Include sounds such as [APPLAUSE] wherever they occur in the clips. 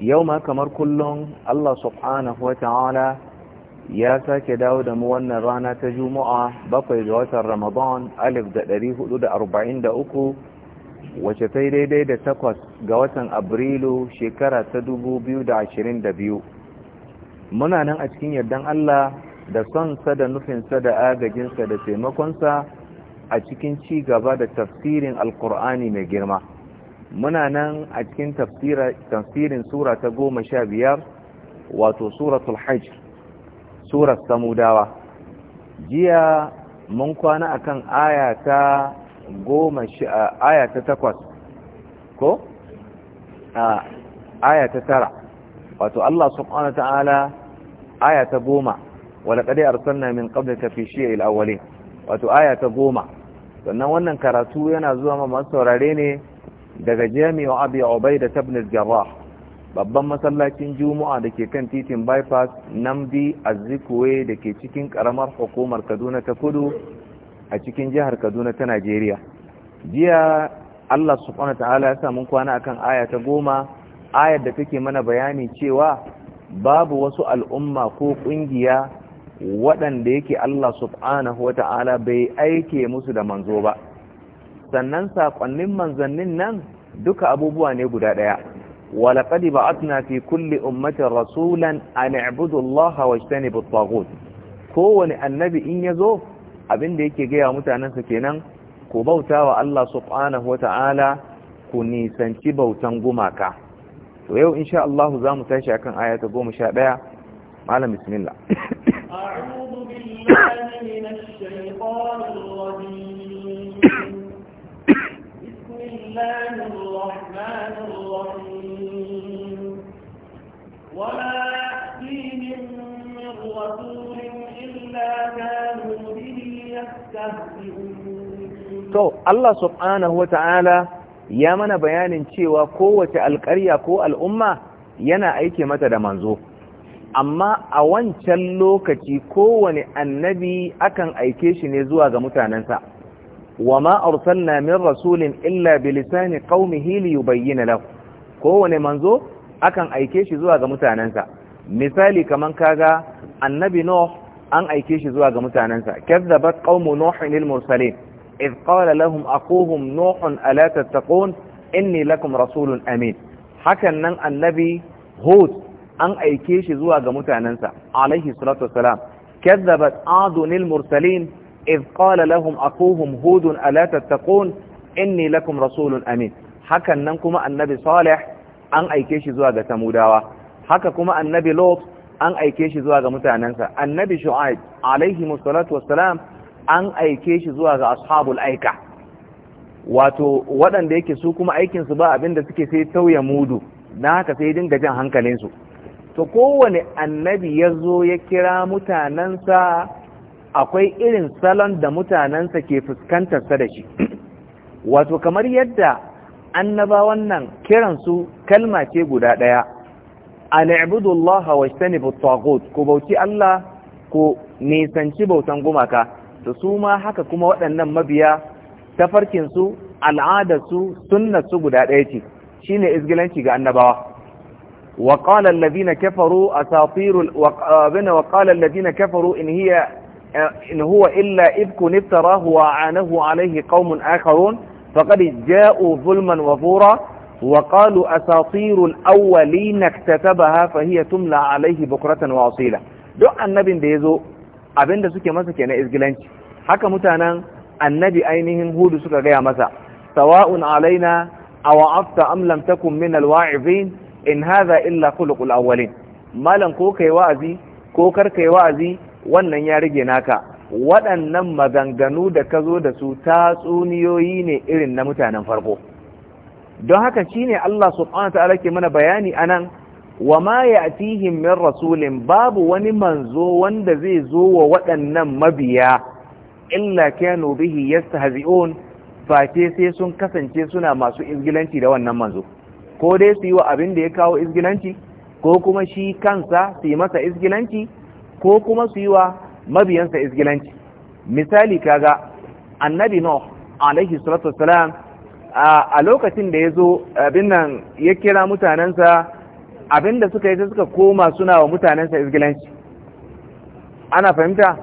yau ma kamar kullum Allah subhanahu wa ta'ala ya sake dawo da mu wannan rana ta juma'a bakwai ga watan ramadan alif da hudu da arba'in wace ta yi daidai da takwas ga watan abrilu shekara ta dubu da biyu muna nan a cikin yardan Allah da sonsa da nufinsa da agajinsa da taimakonsa a cikin ci gaba da tafsirin alkur'ani mai girma muna nan a cikin tafsirin sura ta goma sha biyar wato suratul hajj surar samudawa jiya mun kwana akan aya ta goma sha aya takwas ko ayata tara wato Allah subhanahu ta'ala aya ta goma ولقد أرسلنا من قبلك في شيء الأولين wato ayata goma sannan wannan karatu yana zuwa ma masu saurare ne daga jami'u abi ubaida da al-jarrah babban masallacin juma'a da ke kan titin bypass namdi azikwe da ke cikin karamar hukumar kaduna ta kudu a cikin jihar kaduna ta najeriya jiya allah subhanahu ta'ala ya samu kwana akan aya ta goma ayar da take mana bayani cewa babu wasu al'umma ko kungiya waɗanda yake allah subhanahu wa ta'ala bai aike musu da manzo ba sannan saƙonnin manzannin nan duka abubuwa ne guda ɗaya walaƙadi tuna fi kulle ummatin rasulan a i'budu Allah wa ijtanibu kowane annabi in ya zo, abin da yake gaya mutanensa kenan ku bauta wa Allah subhanahu wa ta'ala ku nisanci bautan gumaka to yau insha Allah za mu tashi akan aya ta goma sha ɗaya malam bismillah a'udhu billahi minash shaitanir rajim to الرحمن الرحيم وما يأتيهم من رسول إلا كانوا به يستهزئون ya mana bayanin cewa kowace alƙarya ko al'umma yana aike mata da manzo amma a wancan lokaci kowane annabi akan aike shi ne zuwa ga mutanensa wa ma وما أرسلنا من رسول إلا بلسان قومه ليبين له kowane manzo akan aike shi zuwa ga mutanensa misali kamar kaga annabi nuh an aike shi zuwa ga mutanensa kazzabat qaumu nuhin lil mursalin id qala lahum aquhum nuhun ala tattaqun inni lakum rasulun amin hakan nan annabi hud an aike shi zuwa ga mutanensa alaihi salatu wassalam kazzabat adun lil mursalin إذ قال لهم أخوهم هود ألا تتقون إني لكم رسول أمين حكا ننكم النبي صالح أن أيكيش زواج تموداوة حكا كما النبي لوط أن أيكيش زواج متعننسا النبي شعيب عليه الصلاة والسلام أن أيكيش زواج أصحاب الأيكة wato waɗanda yake su kuma aikinsu ba abin da suke sai tauya mudu na haka sai dinga jan hankalinsu to kowane annabi ya zo ya kira mutanensa akwai irin salon da mutanensa ke fuskantarsa da shi [CLEARS THROAT] wato kamar yadda annabawan nan kiransu kalma ce guda ɗaya al'ibudullah wa istanibu tagut ku bauci Allah ku nisanci bautan gumaka da su ma haka kuma waɗannan mabiya tafarkinsu al'adarsu sunnarsu guda ɗaya ce shine izgilanci ga annabawa وقال الذين كفروا أساطير وقال الذين كفروا إن هي إن هو إلا إذك افتراه وعانه عليه قوم آخرون فقد جاءوا ظلما وفورا وقالوا أساطير الأولين اكتتبها فهي تملى عليه بكرة وأصيلا duk annabin da ya zo abinda suke masa kenan izgilanci haka mutanen annabi ainihin hudu suka gaya masa sawa'un alaina aw afta am lam takun min alwa'izin in hadha illa khuluqul awwalin malam ko kai wa'azi ko kar kai wa'azi wannan ya rage naka waɗannan maganganu da ka zo da su tatsuniyoyi ne irin na mutanen farko don haka shine Allah subhanahu wa ta'ala ke mana bayani a nan, wa ma tihin min rasulin babu wani manzo wanda zai zo wa waɗannan mabiya illa kanu bihi yastahzi'un face sai sun kasance suna masu izgilanci da wannan manzo ko dai su yi wa abin da ya kawo izgilanci ko kuma shi kansa su yi masa izgilanci ko kuma su yi wa mabiyansa isgilanci misali kaga annabi nuh alaihi salatu wassalam a lokacin da ya zo abin nan ya kira mutanensa abin suka yi ta suka koma suna wa mutanensa izgilanci ana fahimta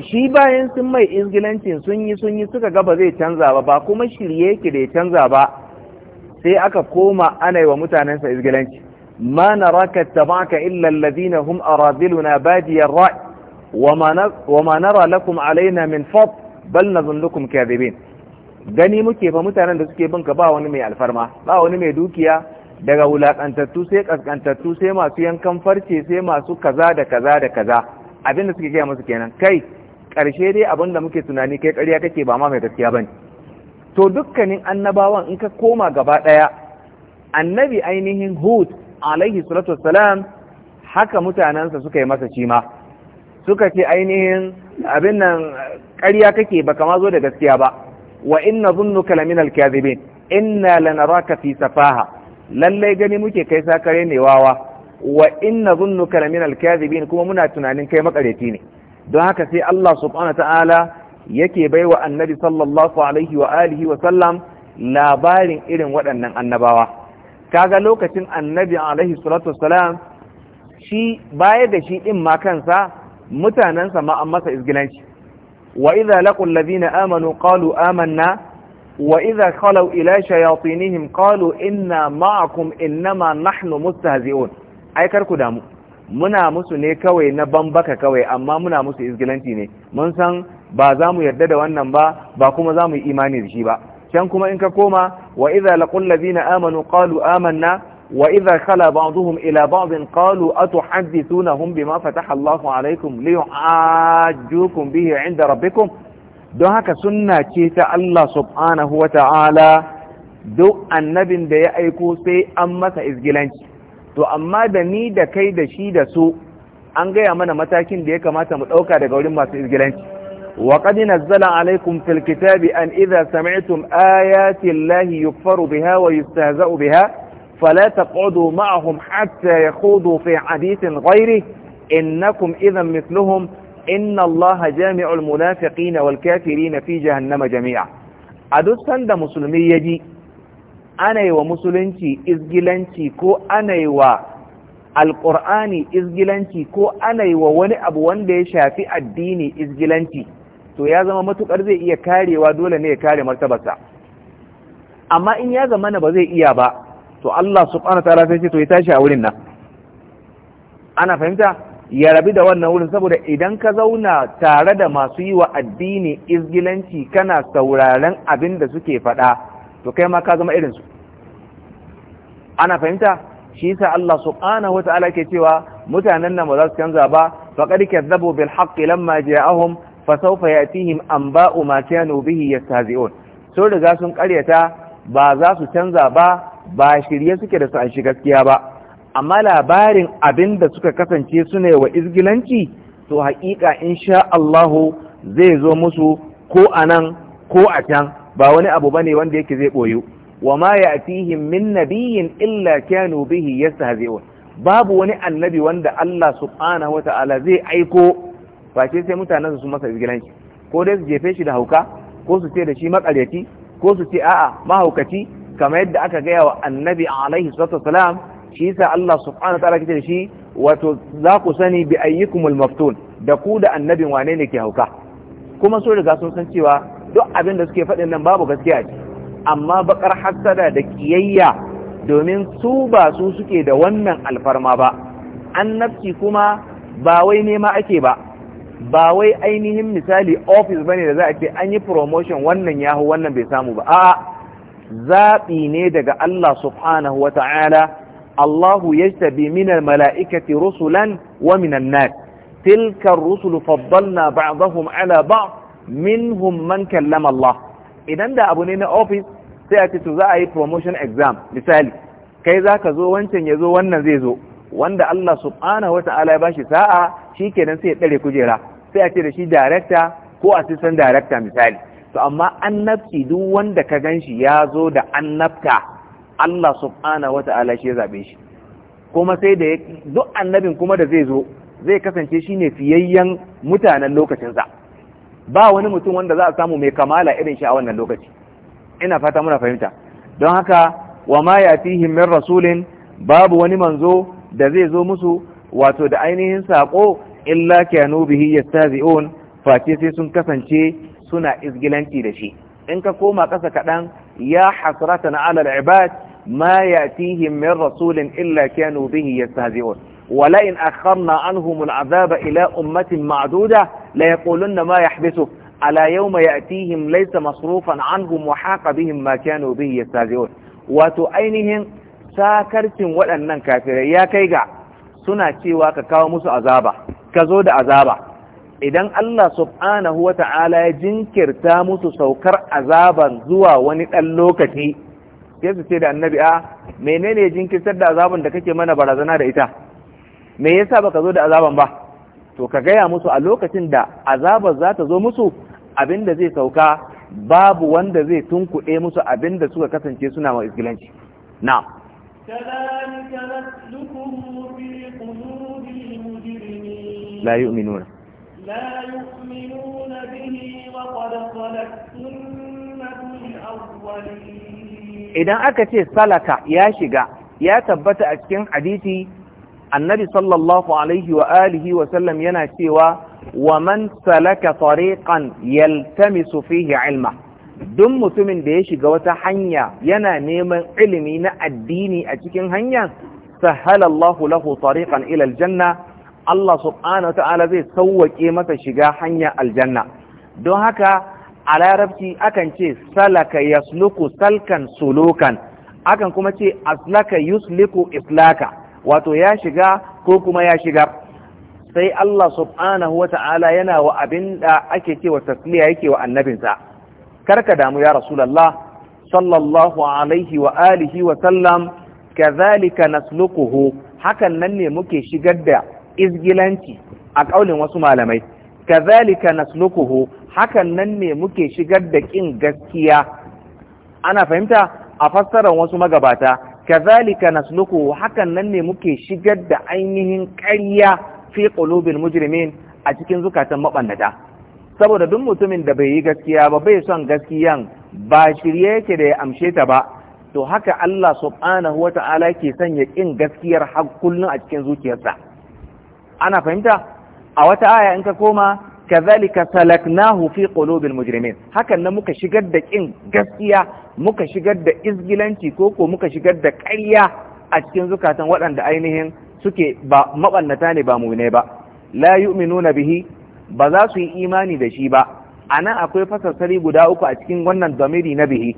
shi bayan sun mai izgilancin sun yi sun yi suka gaba zai canza ba ba kuma shirye yake da ya canza ba sai aka koma ana yi wa mutanensa izgilanci ما نراك اتبعك إلا الذين هم أرادلنا بادي الرأي وما, وما نرى لكم علينا من فضل بل نظنكم كاذبين gani muke fa mutanen da suke binka ba wani mai alfarma ba wani mai dukiya daga wulakantattu sai kaskantattu sai masu yankan farce sai masu kaza da kaza da kaza abinda suke gaya musu kenan kai karshe dai abin da muke tunani kai ƙarya kake ba ma mai gaskiya bane to dukkanin annabawan in ka koma gaba ɗaya annabi ainihin hud alaihi salatu wassalam haka mutanensa suka yi masa cima suka ce ainihin abin nan ƙarya kake ba kama zo da gaskiya ba wa inna zunnuka lamin alkazibin inna lanaraka fi safaha lallai gani muke kai sakare ne wawa wa inna zunnuka lamin alkazibin kuma muna tunanin kai makareci ne don haka sai Allah subhanahu ta'ala yake baiwa annabi sallallahu alaihi wa alihi wa sallam labarin irin waɗannan annabawa kaga lokacin annabi alaihi salatu wassalam shi baya da shi din ma kansa mutanansa ma an masa izgilanci wa idza laqul ladina amanu qalu amanna wa idza khalu ila shayatinihim qalu inna ma'akum innama nahnu mustahzi'un ai kar ku damu muna musu ne kawai na bambaka kawai amma muna musu izgilanci ne mun san ba za mu yarda da wannan ba ba kuma za mu yi imani da shi ba can kuma in ka koma wa idza laqul ladina amanu qalu amanna wa idza khala ba'dhum ila ba'dhin qalu atuhaddithunahum bima fataha Allahu alaykum liyu'ajjukum bihi 'inda rabbikum don haka sunna ce ta Allah subhanahu wa ta'ala duk annabin da ya aiko sai an masa izgilanci to amma da ni da kai da shi da su an gaya mana matakin da ya kamata mu ɗauka daga wurin masu izgilanci وقد نزل عليكم في الكتاب أن إذا سمعتم آيات الله يكفر بها ويستهزأ بها فلا تقعدوا معهم حتى يخوضوا في حديث غيره إنكم إذا مثلهم إن الله جامع المنافقين والكافرين في جهنم جميعا أدوستان دا مسلمي يجي أنا ومسلنتي إزجلنتي كو أنا و القرآن إزجلنتي كو أنا yi أبوان wani abu wanda ya to ya zama matukar zai iya karewa dole ne ya kare martabarsa amma in ya zama na ba zai iya ba to Allah subhanahu wa ta'ala sai ce to ya tashi a wurin nan ana fahimta ya rabi da wannan wurin saboda idan ka zauna tare da masu yi wa addini izgilanci kana sauraren abin da suke faɗa to kai ma ka zama irin su. ana fahimta shi yasa Allah subhanahu wa ke cewa mutanen nan ba za su canza ba faqad kadzabu bil haqqi lamma ja'ahum fa sawfa yatihim anba'u ma kanu bihi yastahzi'un sun riga sun karyata ba za su canza ba ba shirye suke da su an shi gaskiya ba amma labarin abin da suka kasance su ne wa izgilanci to haƙiƙa insha Allahu zai zo musu ko a nan ko a can ba wani abu ba ne wanda yake zai boyu wa ma ya'tihim min biyin illa kanu bihi yastahzi'un babu wani annabi wanda Allah subhanahu ta'ala zai aiko face sai mutane su masa izgilanci ko dai su jefe shi da hauka ko su ce da shi makaryaci ko su ce a'a mahaukaci kamar yadda aka gaya wa annabi alaihi salatu wasalam shi yasa Allah subhanahu wataala kace da shi wato za ku sani bi ayyukumul maftun da ku da annabin wane ne ke hauka kuma so riga sun san cewa duk abin da suke faɗin nan babu gaskiya ce amma bakar hassada da kiyayya domin su ba su suke da wannan alfarma ba annabci kuma ba wai nema ake ba ba wai ainihin misali ofis bane da za a ce an yi promotion wannan ya hau wannan bai samu ba a'a zaɓi ne daga Allah subhanahu wa ta'ala Allahu yajtabi minal mala'ikati rusulan wa minan nas tilka rusulu faddalna ba'dahum ala ba, min man kallama Allah idan da abu ne na ofis sai a ce to za a yi promotion exam misali kai zaka zo wancan ya zo wannan zai zo wanda Allah subhanahu wata'ala ya bashi sa'a shi nan sai ya dare kujera sai a ce da shi director ko assistant director misali to amma annabci duk wanda ka shi ya zo da annabta Allah subhanahu wata'ala shi ya zabe shi kuma sai da duk annabin kuma da zai zo zai kasance shi ne fiyayyen mutanen lokacinsa ba wani mutum wanda za a samu mai kamala irin shi a wannan lokaci ina fata muna fahimta don haka wa ma yatihim min rasulin babu wani manzo da zai zo musu wato da ainihin saƙo illa kanu bihi yastazi'un face sai sun kasance suna izgilanci da shi in ka koma ƙasa kaɗan ya hasratan ala al-ibad ma yatihim min rasulin illa kanu bihi yastahzi'un wala in akharna anhum al-azaba ila ummatin ma'duda la yaqulunna ma yahbisu ala yawma yatihim laysa masrufan anhum wa haqa bihim ma kanu bihi yastahzi'un wato ainihin sakarcin waɗannan kafirai ya kai ga suna cewa ka kawo musu azaba ka zo da azaba idan Allah subhanahu wa ta'ala ya jinkirta musu saukar azaban zuwa wani ɗan lokaci sai ce da annabi a ah, menene jinkirtar da azaban da kake mana barazana da ita me yasa baka zo da azaban ba to ka gaya musu a lokacin da azabar za ta zo musu abin da zai sauka babu wanda zai tunkuɗe musu abin da suka kasance suna wa isgilanci na'am كذلك نسلكه في قلوب المجرمين لا يؤمنون لا يؤمنون به وقد خلت سنة الأولين إذا أكتي سلك يا شقا يا تبت أكين حديثي النبي صلى الله عليه وآله وسلم ينا سوى ومن سلك طريقا يلتمس فيه علمه duk mutumin da ya shiga wata hanya yana neman ilimi na addini a cikin hanya sahalallahu lahu tariqan ila aljanna Allah subhanahu wa ta'ala zai sauwake masa shiga hanya aljanna don haka a larabci akan ce salaka yasluku salkan sulukan akan kuma ce aslaka yusliku islaka wato ya shiga ko kuma ya shiga sai Allah subhanahu wa ta'ala yana wa abin da ake cewa tasliya yake wa annabinsa karka damu ya rasulallah, sallallahu alaihi wa alihi wa sallam kazalika nasluquhu hakan nan ne muke shigar da izgilanci a kaulin wasu malamai kazalika nasluquhu hakan nan ne muke shigar da kin gaskiya ana fahimta a fassarar wasu magabata kazalika nasluquhu hakan nan ne muke shigar da ainihin ƙarya fi qulubil mujrimin a cikin zukatan mabannata saboda duk mutumin da bai yi gaskiya ba bai son gaskiyan ba shirye yake da ya amshe ta ba to haka Allah subhanahu wa ta'ala ke sanya kin gaskiyar har kullun a cikin zuciyarsa ana fahimta a wata aya in ka koma kazalika salaknahu fi qulubil mujrimin hakan nan muka shigar da kin gaskiya muka shigar da izgilanci ko ko muka shigar da ƙarya a cikin zukatan waɗanda ainihin suke ba mabannata ne ba mu ne ba la yu'minuna bihi ba za su yi imani da shi ba a nan akwai fasassari guda uku a cikin wannan domiri na bihi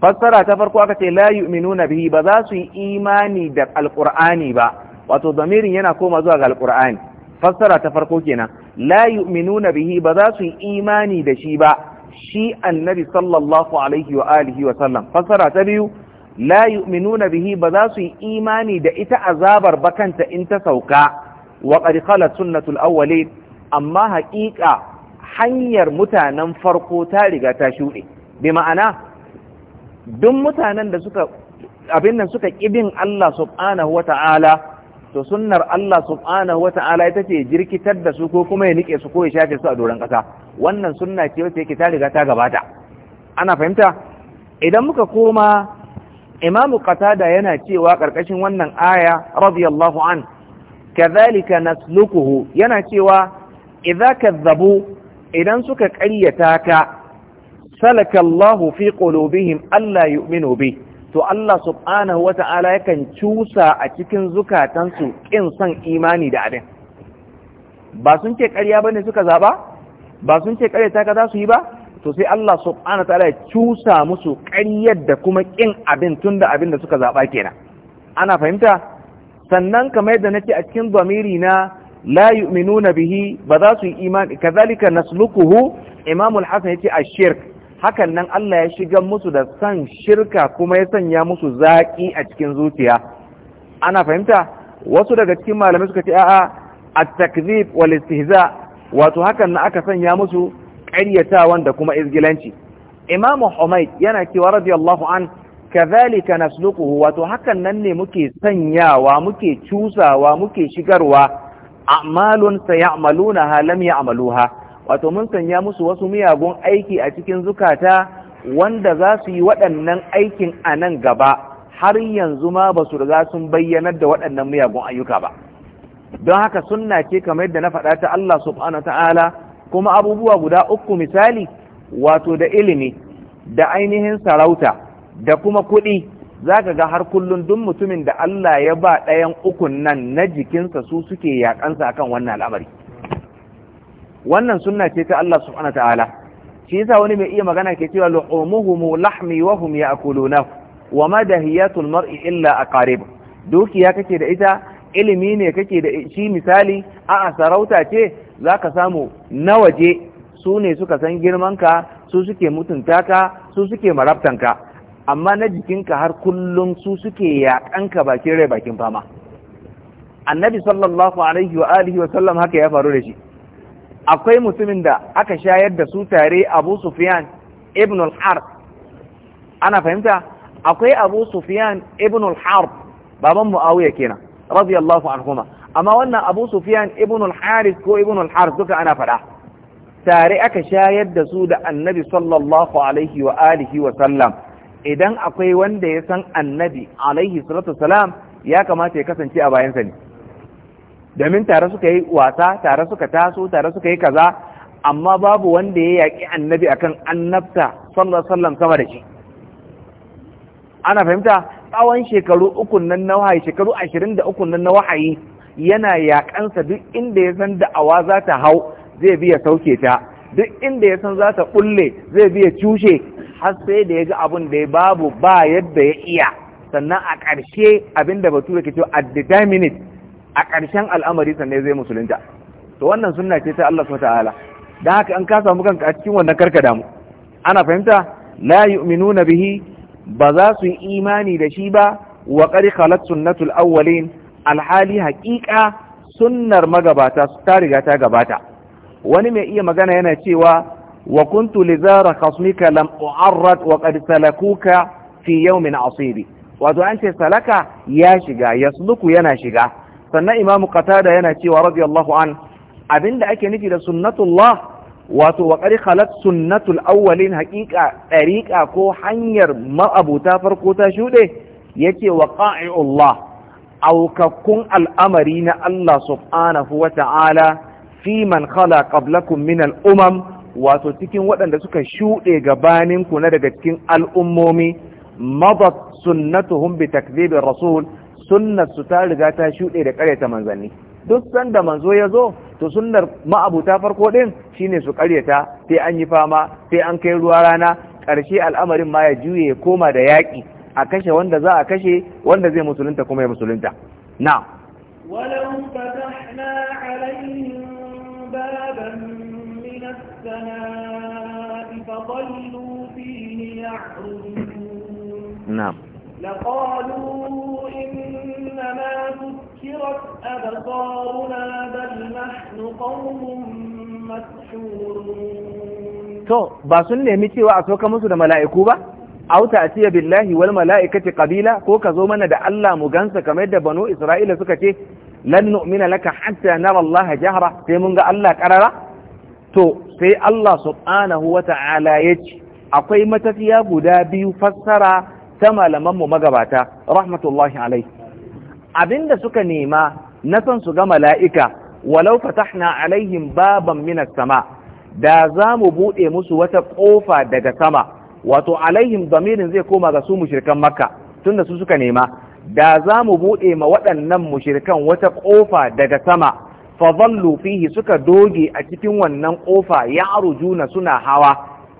fassara ta farko aka ce la yu'minuna bihi ba za su yi imani da alqur'ani ba wato domirin yana koma zuwa ga alqur'ani fassara ta farko kenan la yu'minuna bihi ba za su yi imani da shi ba shi annabi sallallahu alaihi wa alihi wa sallam fassara ta biyu la yu'minuna bihi ba za su yi imani da ita azabar bakanta in ta sauka wa qad khalat sunnatul awwalin amma haƙiƙa hanyar mutanen farko ta riga ta shuɗe bi ma'ana duk mutanen da suka abin nan suka ƙibin Allah subhanahu wa ta'ala to sunnar Allah subhanahu wa ta'ala ita ce jirkitar da su ko kuma ya nike su ko ya shafe su a doron ƙasa wannan sunna ce wacce yake ta riga ta gabata ana fahimta idan muka koma imamu qatada yana cewa ƙarƙashin wannan aya radiyallahu an kadhalika nasluquhu yana cewa idza kadzabu idan suka ƙaryata ka salaka Allah fi qulubihim alla yu'minu bi to Allah subhanahu wata'ala yakan cusa a cikin zukatansu kin son imani da abin ba sun ce ƙarya bane suka zaba ba sun ce ƙaryata ka za su yi ba to sai Allah subhanahu ta'ala ya cusa musu ƙaryar da kuma kin abin tun abin da suka zaɓa kenan ana fahimta sannan kamar yadda nake a cikin zamiri na la yu'minuna bihi ba za su yi imani kazalika nasluquhu imamu al ya yace a shirk hakan Allah ya shiga musu da san shirka kuma ya sanya musu zaƙi a cikin zuciya ana fahimta wasu daga cikin malamai suka ce a'a a. takzib wal istihza wato hakan nan aka sanya musu ƙaryatawan da kuma izgilanci imamu humayd yana cewa radiyallahu an kazalika nasluquhu wato hakan nan ne muke sanyawa muke cusawa muke shigarwa a'malun sayamalunaha lam ya'maluha wato mun sanya musu wasu miyagun aiki a cikin zukata wanda za su yi waɗannan aikin a nan gaba har yanzu ma ba su riga sun bayyanar da waɗannan miyagun ayyuka ba don haka sunna ce kamar yadda na faɗa ta Allah subhanahu ta'ala kuma abubuwa guda uku misali wato da ilimi da ainihin sarauta da kuma kuɗi za ka ga har kullum duk mutumin da Allah ya ba ɗayan ukun nan na jikinsa su suke yaƙansa akan wannan al'amari wannan sunna ce ta Allah subhanahu ta'ala shi yasa wani mai iya magana ke cewa mu lahmi wa hum ya'kuluna wa madahiyatul mar'i illa aqarib dukiya kake da ita ilimi ne kake da shi misali a'a sarauta ce zaka samu na waje su ne suka san girman ka su suke mutunta ka su suke marabtan ka. amma na jikinka har kullum su suke yaƙanka bakin rai bakin fama annabi sallallahu alaihi wa alihi wa sallam haka ya faru da shi akwai mutumin da aka shayar da su tare abu sufyan ibn al-harb ana fahimta akwai abu sufyan ibn al-harb baban muawiya kenan radiyallahu anhuma amma wannan abu sufyan ibn al-harith ko ibn al-harb duka ana fada tare aka shayar da su da annabi sallallahu alaihi wa alihi wa sallam idan akwai wanda ya san annabi alaihi salatu salam ya kamata ya kasance a bayansa ne domin tare suka yi wasa tare suka taso tare suka yi kaza amma babu wanda ya yaki annabi akan annabta sallallahu sallam sama da shi ana fahimta tsawon shekaru uku nan na wahayi shekaru ashirin da uku nan na wahayi yana yaƙansa duk inda ya san da'awa za ta hau zai bi ya sauke ta duk inda ya san za ta bulle zai biya cushe har sai da ya ga abin da ya babu ba yadda ya iya sannan a ƙarshe abin da ke cewa at the minute a ƙarshen al'amari sannan zai musulunta to wannan sunna ce ta Allah subhanahu da haka an kasa samu kanka a cikin wannan karka damu ana fahimta la yu'minuna bihi ba za su yi imani da shi ba wa qad khalat sunnatul awwalin alhali haƙiƙa sunnar magabata ta riga ta gabata wani mai iya magana yana cewa wa kuntu lizara khasmika lam u'arrad wa qad salakuka fi yawmin asibi wato an ce salaka ya shiga yasluku yana shiga sannan imamu qatada yana cewa radiyallahu an abinda ake nufi da sunnatullah wato wa qad khalat sunnatul awwalin haqiqa dariqa ko hanyar ma'abuta farko ta shude yace wa qa'i'ullah aukakkun al'amari na Allah subhanahu wa ta'ala fi man khala qablakum min al-umam wato cikin waɗanda suka shuɗe gabanin ku na daga cikin al'ummomi madat sunnatuhum bi takdhibir rasul sunnar su ta riga ta shuɗe da ƙaryata manzanni duk sanda manzo ya zo to sunnar ma'abuta farko din shine su ƙaryata sai an yi fama sai an kai ruwa rana ƙarshe al'amarin ma ya juye ya koma da yaƙi a kashe wanda za a kashe wanda zai musulunta kuma ya musulunta na fatahna السماء فظلوا فيه يعرجون نعم لقالوا إنما سكرت أبصارنا بل نحن قوم مسحورون تو باسن نemi cewa a soka musu da mala'iku ba aw ta'tiya billahi wal mala'ikaci qabila ko ka zo mana da Allah mu gansa kamar da banu Isra'ila suka ce lan nu'mina laka harta nara Allah jahra sai mun ga Allah karara to sai Allah subhanahu wa ta'ala ya ce akwai matafiya guda biyu fassara ta malamanmu magabata rahmatullahi alai abinda suka nema na son su ga mala'ika walau fatahna alaihim baban minas sama da za mu buɗe musu wata ƙofa daga sama wato alaihim zamirin zai koma ga su mushirkan makka tunda su suka nema da za mu buɗe ma waɗannan mushirkan wata ƙofa daga sama fazallu fihi suka doge a cikin wannan kofa ya arujuna suna hawa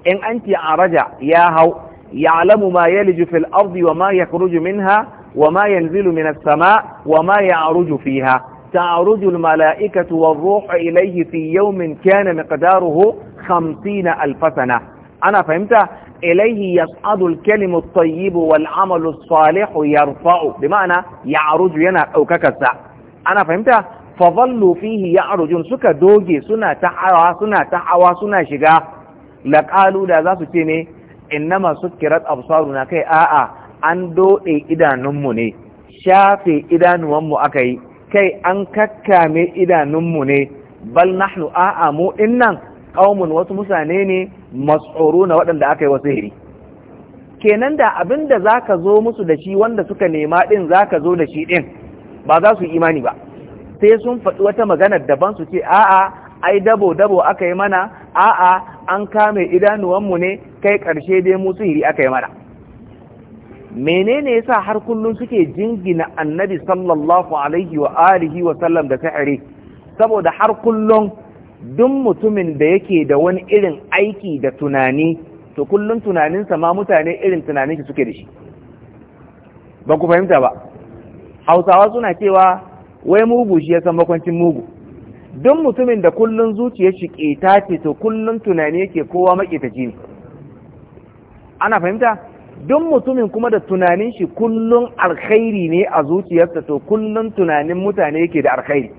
in an ce araja ya hau ya alamu ma yaliju fil ardi wa ma yakhruju minha wa ma yanzilu min as-sama wa ma ya'ruju fiha تعرج الملائكة والروح إليه في يوم كان مقداره خمسين ألف سنة أنا فهمت إليه يصعد الكلم الطيب والعمل الصالح يرفع بمعنى يعرج ينا yana ككسع ana fahimta fa fihi ya arujun suka doge suna ta hawa suna ta hawa suna shiga laqalu da za su ce ne innama absaru absaruna kai a'a an doɗe idanunmu ne shafe idanuwanmu yi. kai an kakkame idanunmu ne bal nahnu a'a mu nan, qaumun wasu mutane ne mas'uruna waɗanda aka yi wasu hiri kenan da abin da za zo musu da shi wanda suka nema ɗin za ka zo da shi ɗin ba za su imani ba sai sun faɗi wata magana daban su ce a'a ai dabo dabo aka yi mana a'a an kame idanuwanmu ne kai ƙarshe dai mu sihiri aka yi mana menene yasa har kullum suke jingina annabi sallallahu alaihi wa alihi wa sallam da saboda har kullun duk mutumin da yake da wani irin aiki da tunani to kullum tunaninsa ma mutane irin tunanin shi suke da shi ba ku fahimta ba hausawa suna cewa wai mugu shi ya san makwancin mugu don mutumin da kullum zuciya shi ƙeta ce to kullum tunani yake kowa maƙetaci ne ana fahimta don mutumin kuma da tunanin shi kullum alkhairi ne a zuciyarsa to kullum tunanin mutane yake da alkhairi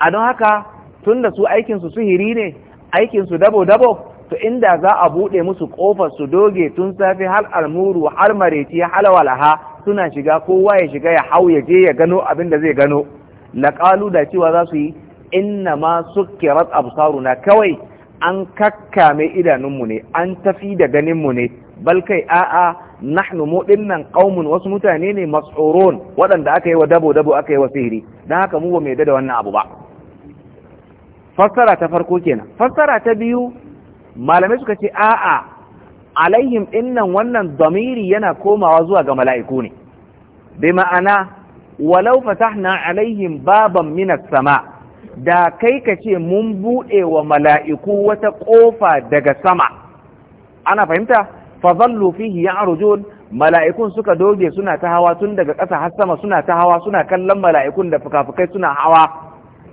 a don haka tun da su aikinsu sihiri ne aikinsu dabo-dabo to inda za a buɗe musu ƙofar su doge tun safe har almuru har mareci har walaha suna shiga kowa ya shiga ya hau ya je ya gano abin da zai gano laƙalu da cewa za su yi inna ma sukkirat absaruna kawai an kakkame idanunmu ne an tafi da ganinmu ne bal kai a'a nahnu mu dinnan qaumun wasu mutane ne mas'urun waɗanda aka yi wa dabo dabo aka yi wa sihiri dan haka mu ba mai da wannan abu ba fassara ta farko kenan fassara ta biyu malamai suka ce a'a alaihim innan wannan damiri yana komawa zuwa ga mala'iku ne bi ma'ana walau fatahna alaihim baban minas sama da kai ka ce mun buɗe wa mala'iku wata ƙofa daga sama ana fahimta fazallu fihi ya'rujun mala'ikun suka doge suna ta hawa tun daga ƙasa har sama suna ta hawa suna kallon mala'ikun da fikafikai suna hawa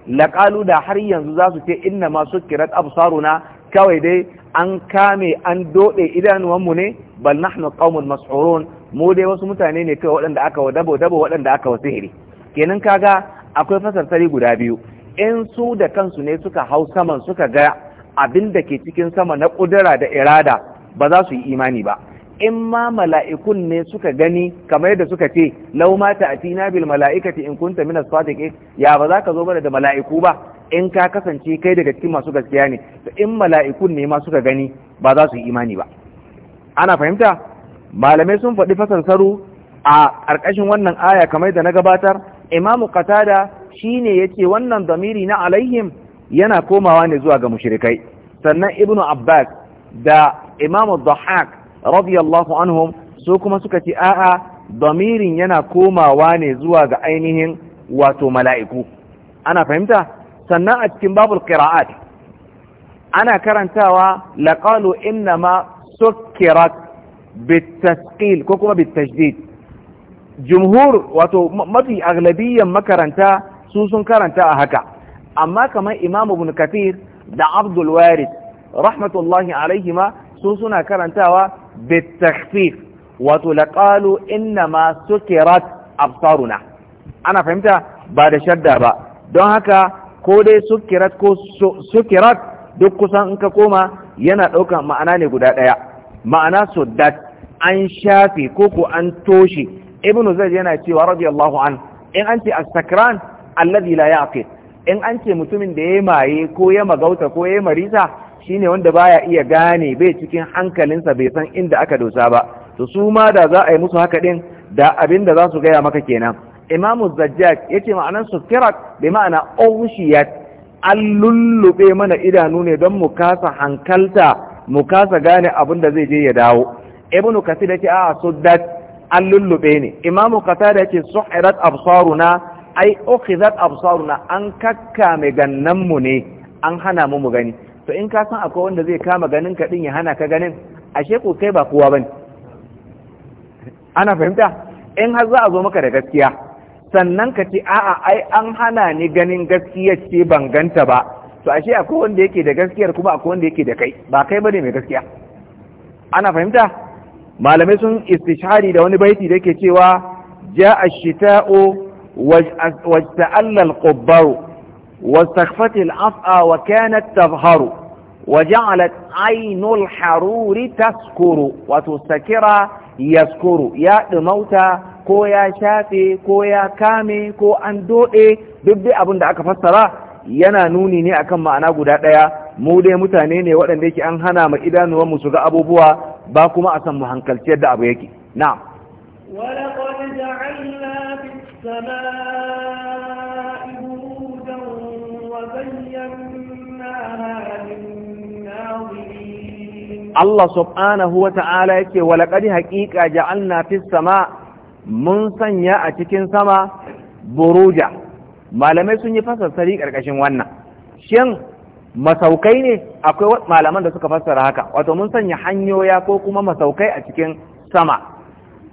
laƙalu da har yanzu za su ce inna masu sukkirat absaruna kawai dai an kame an doɗe idanuwanmu ne bal nahnu qaumun mas'urun mu dai wasu mutane ne kai waɗanda aka wa dabo dabo waɗanda aka wa sihiri kenan kaga akwai fasarsari guda biyu in su da kansu ne suka hau saman suka ga abin da ke cikin sama na kudura da irada ba za su yi imani ba in ma mala'ikun ne suka gani kamar yadda suka ce lau a tina bil mala'ikati in kunta min as ya ba za ka zo mana da mala'iku ba in ka kasance kai daga cikin masu gaskiya ne to in mala'ikun ne ma suka gani ba za su yi imani ba ana fahimta malamai sun faɗi fasansaru a ƙarƙashin wannan aya kamar da na gabatar imamu qatada shine yace wannan zamiri na alaihim yana komawa ne zuwa ga mushrikai sannan ibnu abbas da imamu dhahak radiyallahu anhum su kuma suka ce a'a damirin yana komawa ne zuwa ga ainihin wato mala'iku ana fahimta sannan a cikin babul qira'at ana karantawa laqalu innama sukkirat bitasqil ko kuma bitajdid jumhur wato mafi aglabiyyan makaranta su sun karanta a haka amma kamar imamu ibn kathir da abdul warid rahmatullahi alaihima su suna karantawa bitakhfif wato laqalu innama sukirat absaruna ana fahimta ba da shadda ba don haka ko dai sukirat ko sukirat duk kusan in ka koma yana ɗaukan ma'ana ne guda ɗaya ma'ana suddat an shafe ko ko an toshe ibn zaid yana cewa radiyallahu an in an ce as-sakran alladhi la yaqit in an ce mutumin da ya maye ko ya magauta ko ya marisa shine wanda baya iya gane bai cikin hankalinsa bai san inda aka dosa ba to su ma da za a yi musu haka din da abin da za su gaya maka kenan imamu zajjaj yace ma'anar su firak bi ma'ana ushiyat an lullube mana idanu ne don mu kasa hankalta mu kasa gane abin da zai je ya dawo kasi da ke a suddat an lullube ne imamu qatada yace suhirat absaruna ai ukhizat absaruna an kakkame gannan mu ne an hana mu mu gani to in ka san akwai wanda zai kama ganin ka din ya hana ka ganin ashe ko kai ba kowa bane ana fahimta in har za a zo maka da gaskiya sannan ka ce a'a ai an hana ni ganin gaskiyar ce ban ganta ba to ashe akwai wanda yake da gaskiyar kuma akwai wanda yake da kai ba kai bane mai gaskiya ana fahimta malamai sun istishari da wani baiti da yake cewa ja'a shita'u wajta'alla al-qubbaru واستخفت tabharu, وكانت تظهر وجعلت عين الحرور تسكر وتستكر يسكر يا موتى ko ya shafe ko ya kame ko an doɗe duk dai abin da aka fassara yana nuni ne akan ma'ana guda ɗaya mu dai mutane ne waɗanda yake an hana ma mu su ga abubuwa ba kuma a san mu hankalci yadda abu yake na'am Allah subhanahu wa ta’ala yake وزيناها للناظرين الله سبحانه وتعالى يكي mun sanya a cikin sama buruja malamai sun yi fasassari ƙarƙashin wannan shin masaukai ne akwai malaman da suka fassara haka wato mun sanya hanyoya ko kuma masaukai a cikin sama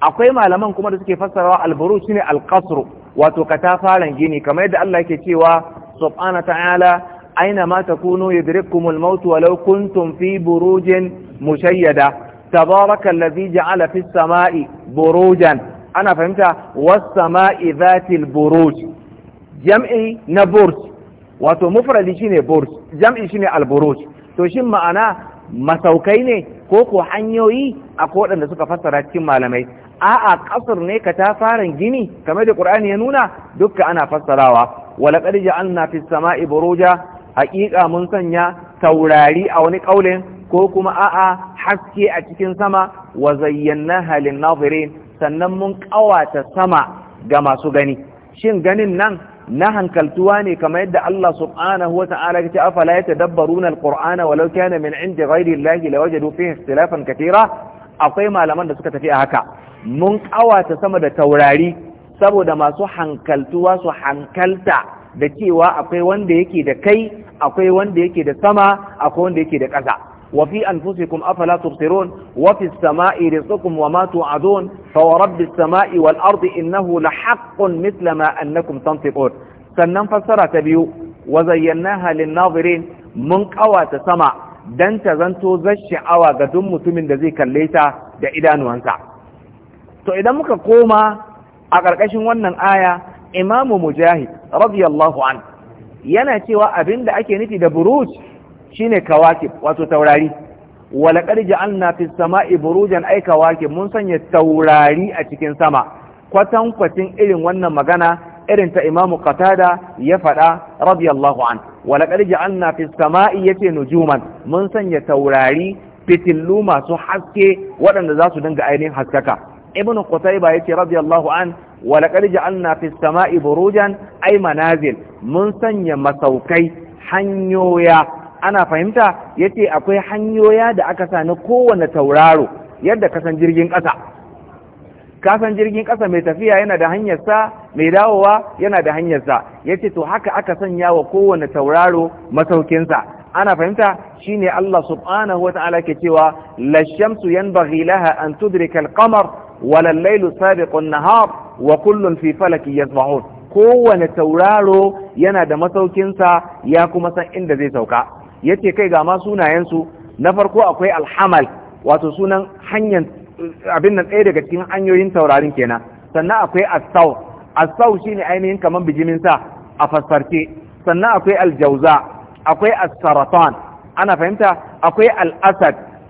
akwai malaman kuma da suke fassarawa alburu shine alqasru wato katafaren gini kamar yadda Allah yake cewa subhana ta'ala aina ma takunu yudrikumul maut walau kuntum fi burujin mushayyada tabaraka allazi ja'ala fis sama'i burujan ana fahimta was-sama'i buruj jam'i na burj wato mufradi shine burj jam'i shine al-buruj to shin ma'ana masaukai ne ko ko hanyoyi a waɗanda suka fassara cikin malamai a'a ƙasar ne ka ta farin gini kamar da qur'ani ya nuna dukka ana fassarawa walaqad ja'alna fis sama'i buruja haƙiƙa mun sanya taurari a wani kaulin ko kuma a'a haske a cikin sama wa zayyana halin nazirin sannan mun ƙawata sama ga masu gani shin ganin nan na hankaltuwa ne kamar yadda Allah subhanahu wata'ala ya ce afala ya tadabbaruna alqur'ana walau kana min indi ghairi llahi lawajadu fihi ikhtilafan katira akwai malaman da suka tafi a haka mun ƙawata sama da taurari saboda masu hankaltuwa su hankalta da cewa akwai wanda yake da kai akwai wanda yake da sama akwai wanda yake da ƙasa وفي أنفسكم أفلا تبصرون وفي السماء رزقكم وما توعدون فورب السماء والأرض إنه لحق مثل ما أنكم تنطقون sannan fassara ta biyu wa zayyanaha lin-nazirin mun kawata sama dan ta zanto sha'awa ga duk mutumin da zai kalle ta da idanuwansa to idan muka koma a ƙarƙashin wannan aya imamu mujahid radiyallahu an yana cewa abinda ake nufi da buruj shine kawakib wato taurari walaƙar ja'alna fi sama'i burujan ai kawakib mun sanya taurari a cikin sama kwatankwacin irin wannan magana irin ta imamu qatada ya faɗa radiyallahu an walaƙar ja'alna fi sama'i yace nujuman mun sanya taurari fitillu masu haske waɗanda za su dinga ainihin haskaka ibnu qutayba yace radiyallahu an walaƙar ja'alna fi sama'i burujan ai manazil mun sanya masaukai hanyoya ana fahimta yace akwai hanyoya da aka sa na kowane tauraro yadda kasan jirgin ƙasa kasan jirgin ƙasa mai tafiya yana da hanyarsa mai dawowa yana da hanyarsa yace to haka aka sanya wa kowane tauraro masaukinsa ana fahimta shine Allah subhanahu wata'ala ke cewa la shamsu yanbaghi laha an tudrika al-qamar wala al-laylu sabiqu an-nahar wa kullun fi falakin yasbahun kowane tauraro yana da masaukinsa ya kuma san inda zai sauka yace kai ga ma sunayensu na farko akwai alhamal wato sunan hanyar abin nan ɗaya daga cikin hanyoyin taurarin kenan sannan akwai asau asau shine ainihin kamar bijimin sa a fassarce sannan akwai aljauza akwai asarafan, ana fahimta akwai al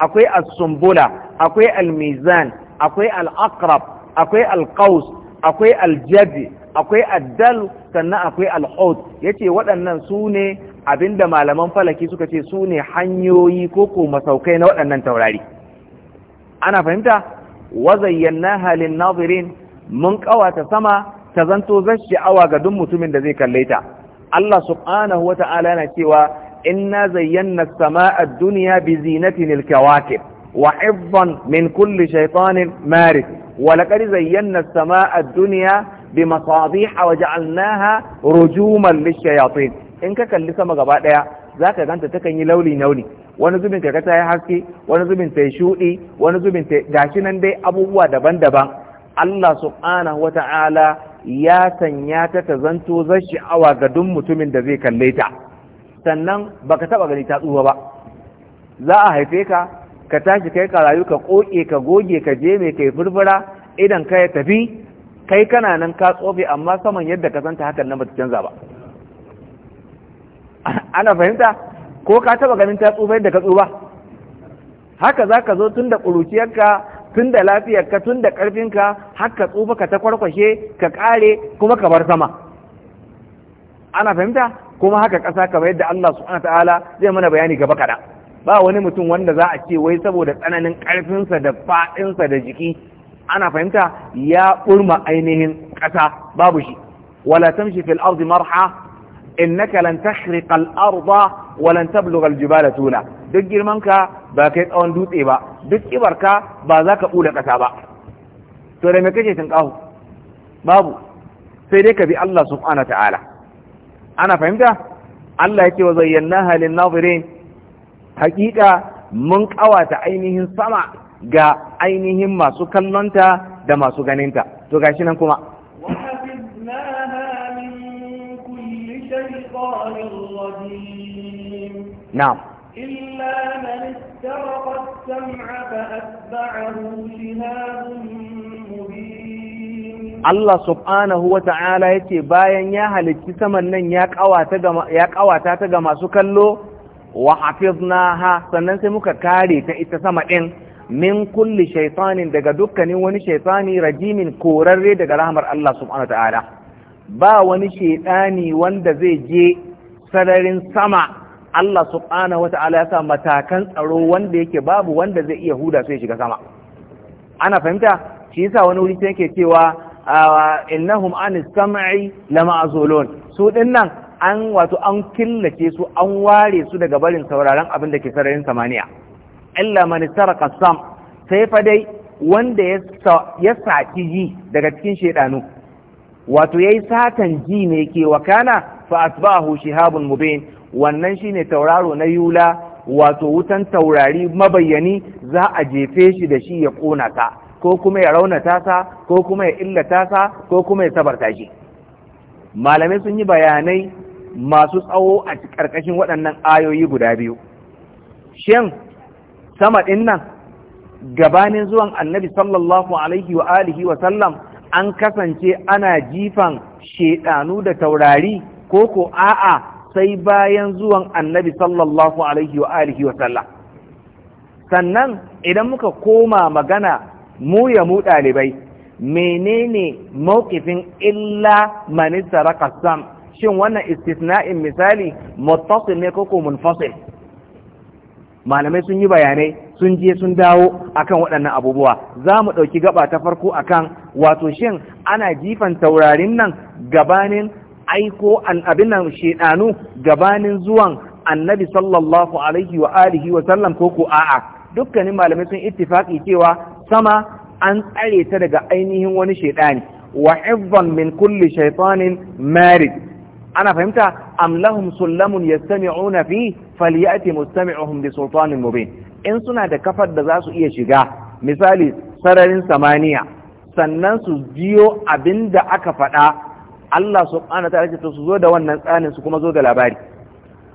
akwai asumbula, akwai al-mizan akwai al-aqrab akwai al-qaus akwai al akwai addal sannan akwai al yace waɗannan su ne abinda malaman falaki suka ce su ne hanyoyi ko ko masaukai na waɗannan taurari ana fahimta wazayyanna halin nazirin mun kawata sama ta zanto zan sha'awa ga duk mutumin da zai kalle ta Allah subhanahu wata'ala yana cewa inna zayyana as-sama'a duniya bi zinatin al wa hifdhan min kulli shaytanin marid wa laqad zayyana samaa duniya bi masabih wa ja'alnaha rujuman lish in ka kalli sama gaba ɗaya za ka ganta takan yi launi-launi, wani zubin ka ta yi haske wani zubin ta yi shuɗi wani zubin ta gashi nan dai abubuwa daban-daban Allah subhanahu wa ta'ala ya sanya ta ta zanto zan sha'awa ga duk mutumin da zai kalle ta sannan baka taba gani ta tsuwa ba za a haife ka ka tashi kai ka rayu ka koke ka goge ka je mai kai furfura idan ka ya tafi kai kana nan ka tsofe amma saman yadda ka santa hakan nan ba ta canza ba ana fahimta ko ka taba ganin ta tsufa yadda ka tsuba? haka za ka zo tun da ƙuruciyarka tun da lafiyarka tun da ƙarfinka haka tsufa ka ta kwarkwashe ka ƙare kuma ka bar sama ana fahimta kuma haka ƙasa bayar yadda Allah subhanahu ta'ala zai mana bayani gaba kaɗan ba wani mutum wanda za a ce wai saboda tsananin ƙarfinsa da faɗinsa da jiki ana fahimta ya ɓurma ainihin ƙasa babu shi wala tamshi fil ardi marha innaka lan tashriqa al-arda wa da tablugha duk girman ka ba kai tsawon dutse ba duk kibarka ba za ka bude kasa ba to da me kace tun kahu babu sai dai ka bi Allah subhanahu wa ana fahimta Allah ya yake wa zayyanaha lin-nazirin hakika mun ƙawata ainihin sama ga ainihin masu kallonta da masu ganinta to gashi nan kuma نعم إلا من استرق السمع فأتبعه شهاب مبين الله سبحانه ya yake bayan ya halicci saman nan ya kawata ta ga masu kallo wa ha, sannan sai muka kare ta ita sama ɗin. min kulli shaitanin daga dukkanin wani shaitani, rajimin korarre daga rahmar Allah subhanahu wa ta'ala ba wani shaitani wanda zai je sararin sama Allah subhanahu wata'ala ya sa matakan tsaro wanda yake babu wanda zai iya huda su ya shiga sama ana fahimta shi yasa wani wuri yake cewa innahum an sam'i lama'zulun su dinnan an wato an killace su an ware su daga barin sauraron abin da ke sararin samaniya illa man saraka sam sai fa dai wanda ya saki ji daga cikin shedanu wato yayi satan ji ne ke wakana fa asbahu shihabun mubin wannan shine tauraro na yula wato wutan taurari mabayyani za a jefe shi da shi ya kona ta ko kuma ya raunata ta ko kuma ya illata sa ko kuma ya sabarta shi malamai sun yi bayanai masu tsawo a ƙarƙashin waɗannan ayoyi guda biyu shin sama ɗin nan gabanin zuwan annabi sallallahu alaihi wa alihi wa sallam an kasance ana jifan shedanu da taurari ko ko a'a sai bayan zuwan annabi sallallahu alaihi wa alihi wa sallam sannan idan muka koma magana mu ya mu ɗalibai menene mawqifin illa man taraka sam shin wannan istisna'in misali muttasil ne koko munfasil malamai sun yi bayanai sun je sun dawo akan waɗannan abubuwa za mu ɗauki gaba ta farko akan wato shin ana jifan taurarin nan gabanin aiko an abin nan shedanu gabanin zuwan annabi sallallahu alaihi wa alihi wa sallam ko ku a'a dukkanin malamai sun ittifaqi cewa sama an tsare ta daga ainihin wani shedani wa hifdhan min kulli shaytanin marid ana fahimta am lahum sullamun yastami'una fi falyati mustami'uhum bi sultanin mubin in suna da kafar da za su iya shiga misali sararin samaniya sannan su jiyo abin da aka faɗa Allah subhanahu ta'ala ce su zo da wannan tsanin su kuma zo da labari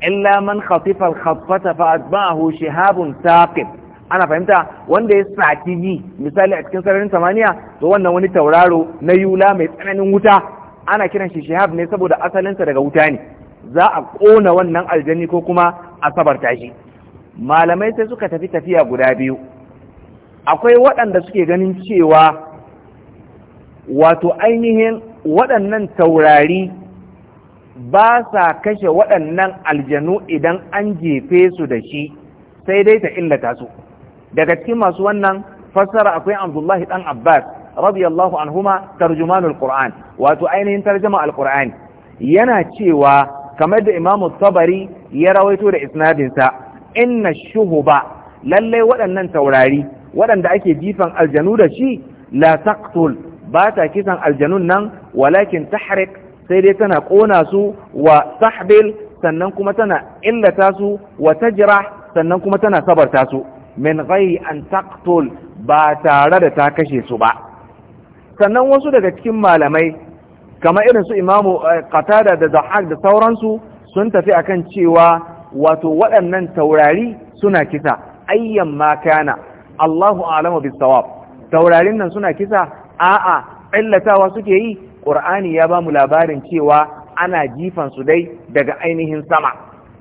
illa man khatifa al-khaffata fa atba'ahu shihabun saqib ana fahimta wanda ya saki yi misali a cikin sararin samaniya to wannan wani tauraro na yula mai tsananin wuta ana kiran shi shihab ne saboda asalinsa daga wuta ne za a ƙona wannan aljanni ko kuma a sabarta shi malamai sai suka tafi tafiya guda biyu akwai waɗanda suke ganin cewa wato ainihin waɗannan taurari ba sa kashe waɗannan aljanu idan an jefe su da shi sai dai ta illata su daga cikin masu wannan fassara akwai abdullahi ɗan abbas radiyallahu anhuma tarjumanul qur'an wato ainihin tarjama alqur'ani yana cewa kamar da imamu tabari ya rawaito da isnadinsa inna shuhuba lallai waɗannan taurari waɗanda ake jifan aljanu da shi la taqtul ba ta kisan aljanun nan walakin tahrik sai dai tana kona su wa tahbil sannan kuma tana illata su wa tajra sannan kuma tana sabarta su min ghairi an taqtul ba tare da ta kashe su ba sannan wasu daga cikin malamai kamar irin su imamu eh, qatada da zahak da sauransu sun tafi akan cewa wato waɗannan taurari suna kisa ayyan ma kana Allahu a'lamu bis-sawab taurarin nan suna kisa a'a tsallatawa suke yi ƙur'ani ya ba mu labarin cewa ana jifan su dai daga ainihin sama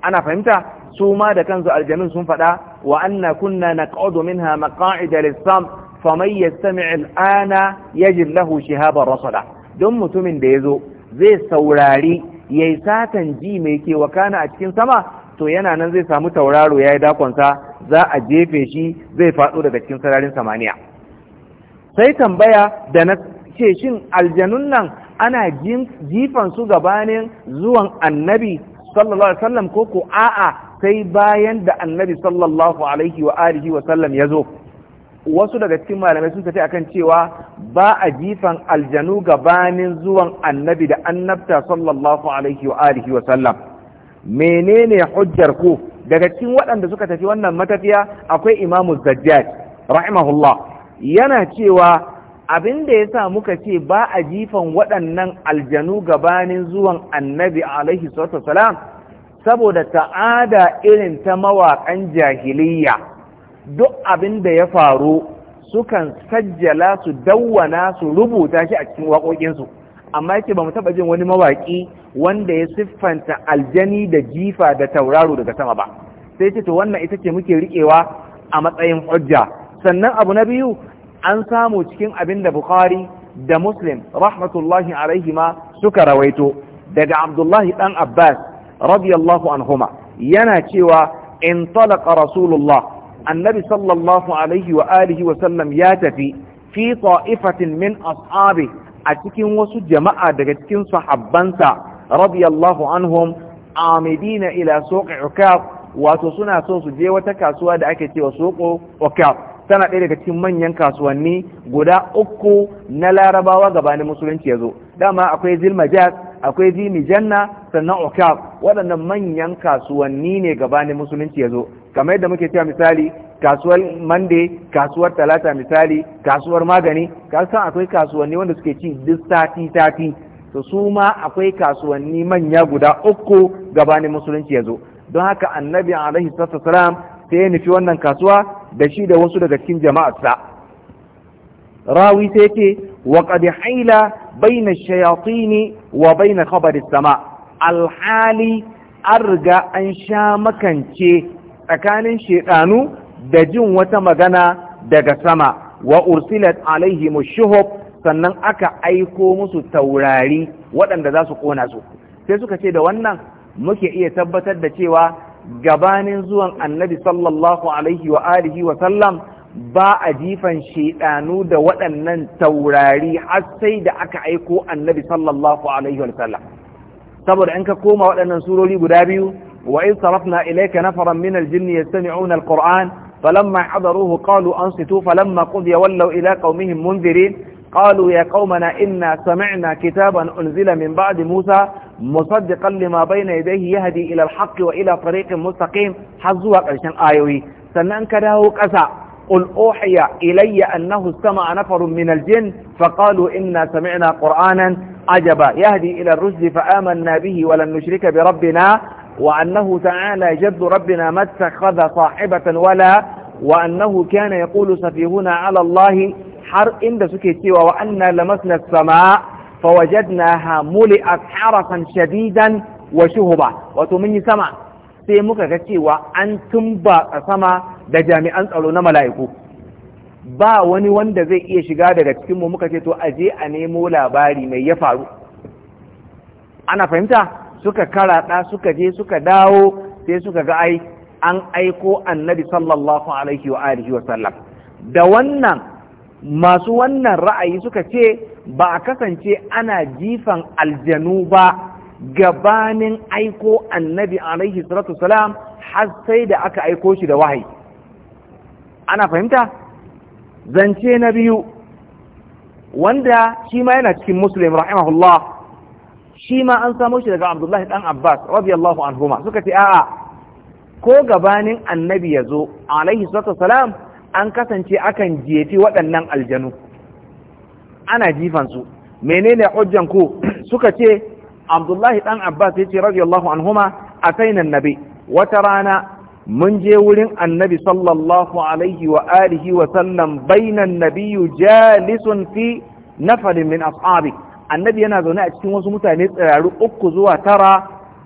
ana fahimta su ma da kansu aljanun sun faɗa wa anna kunna naq'udu minha maq'ida lis-sam faman yastami' al-ana yajid lahu shihaban rasada don mutumin da yazo zai saurari yayi satan ji mai ke wakana a cikin sama to yana nan zai samu tauraro yayi dakonsa za a jefe shi zai faɗo daga cikin sararin samaniya sai tambaya da na ce shin aljanun nan ana jifan su gabanin zuwan annabi sallallahu alaihi wasallam ko ko a'a sai bayan da annabi sallallahu alaihi wa alihi wa sallam ya zo wasu daga cikin malamai sun tafi akan cewa ba a jifan aljanu gabanin zuwan annabi da annabta sallallahu alaihi wa alihi wa sallam menene hujjar ku daga cikin waɗanda suka tafi wannan matafiya akwai imamu zajjaj rahimahullah yana cewa abin da ya sa muka ce ba a jifan waɗannan aljanu gabanin zuwan annabi alaihi salam saboda ta'ada irin ta mawaƙan jahiliya duk abin da ya faru sukan sajjala su dawwana su rubuta shi a cikin waƙoƙinsu amma yake ba mu taɓa jin wani mawaƙi wanda ya siffanta aljani da jifa da tauraro daga sama ba sai ce to wannan ita ce muke riƙewa a matsayin hujja sannan abu na biyu an samu cikin abin da bukhari da muslim rahmatullahi alaihima, suka rawaito daga abdullahi dan abbas radiyallahu anhuma yana cewa in talaqa rasulullah annabi sallallahu alaihi wa alihi wa sallam ya tafi fi ta'ifatin min ashabi a cikin wasu jama'a daga cikin sahabbansa radiyallahu anhum amidina ila suqi ukaf wato suna so su je wata kasuwa da ake cewa suqu ukaf tana ɗaya daga cikin manyan kasuwanni guda uku na larabawa gabanin musulunci ya zo dama akwai zilmajaz akwai zimijanna sannan okaf waɗannan manyan kasuwanni ne gabanin musulunci ya zo kamar yadda muke cewa misali kasuwar mande kasuwar talata misali kasuwar magani kasan akwai kasuwanni wanda suke ci duk sati sati to su ma akwai kasuwanni manya guda uku gabanin musulunci ya zo don haka annabi alaihi salatu sai yi nufi wannan kasuwa da shi da wasu daga cikin jama'arsa rawi sai ce wa qad haila baina shayatin wa baina kabari sama alhali arga an sha makance tsakanin shedanu da jin wata magana daga sama wa ursilat alaihi mushuhub sannan aka aiko musu taurari waɗanda za su kona su sai suka ce da wannan muke iya tabbatar da cewa gabanin zuwan annabi sallallahu alaihi wa alihi wa sallam ba a jifan shaidanu da waɗannan taurari har sai da aka aiko annabi sallallahu alaihi wa sallam saboda in ka koma waɗannan surori guda biyu wa in sarafna ilayka nafaran min aljinn yastami'una alquran falamma hadaruhu qalu ansitu falamma qudiya wallaw ila qaumihim munzirin قالوا يا قومنا إنا سمعنا كتابا أنزل من بعد موسى مصدقا لما بين يديه يهدي إلى الحق وإلى طريق مستقيم حظوا har آيوي سننكره ayoyi قل أوحي إلي أنه استمع نفر من الجن فقالوا إنا سمعنا قرآنا عجبا يهدي إلى الرشد فآمنا به ولن نشرك بربنا وأنه تعالى جد ربنا ما اتخذ صاحبة ولا وأنه كان يقول سفيهنا على الله حر إن سكتي وأنا لمسنا السماء fawajadnaha muli'at harafan shadidan wa shuhuba wato sama sai muka ga cewa an tumba sama da jami'an tsaro na mala'iku ba wani wanda zai iya shiga daga cikin mu muka ce to aje a nemo labari mai ya faru ana fahimta suka karaɗa suka je suka dawo sai suka ga ai an aiko annabi sallallahu alaihi wa alihi wa sallam da wannan masu wannan ra'ayi suka ce ba a kasance ana jifan aljanu ba gabanin aiko annabi alaihi salatu salam har sai da aka aiko shi da wahayi ana fahimta zance na biyu wanda shi ma yana cikin muslim rahimahullah shi ma an samo shi daga abdullahi dan abbas radiyallahu anhuma suka ce a'a ko gabanin annabi ya zo alaihi salatu salam an kasance akan jefi waɗannan aljanu ana jifansu menene hujjan ku [CLEARS THROAT] suka ce abdullahi dan abbas ya ce radiyallahu anhuma a kainan nabi wata rana mun je wurin annabi sallallahu alaihi wa alihi wa sallam bainan nabiyyu jalisun fi nafarin min ashabi annabi yana zaune a cikin wasu mutane tsiraru uku zuwa tara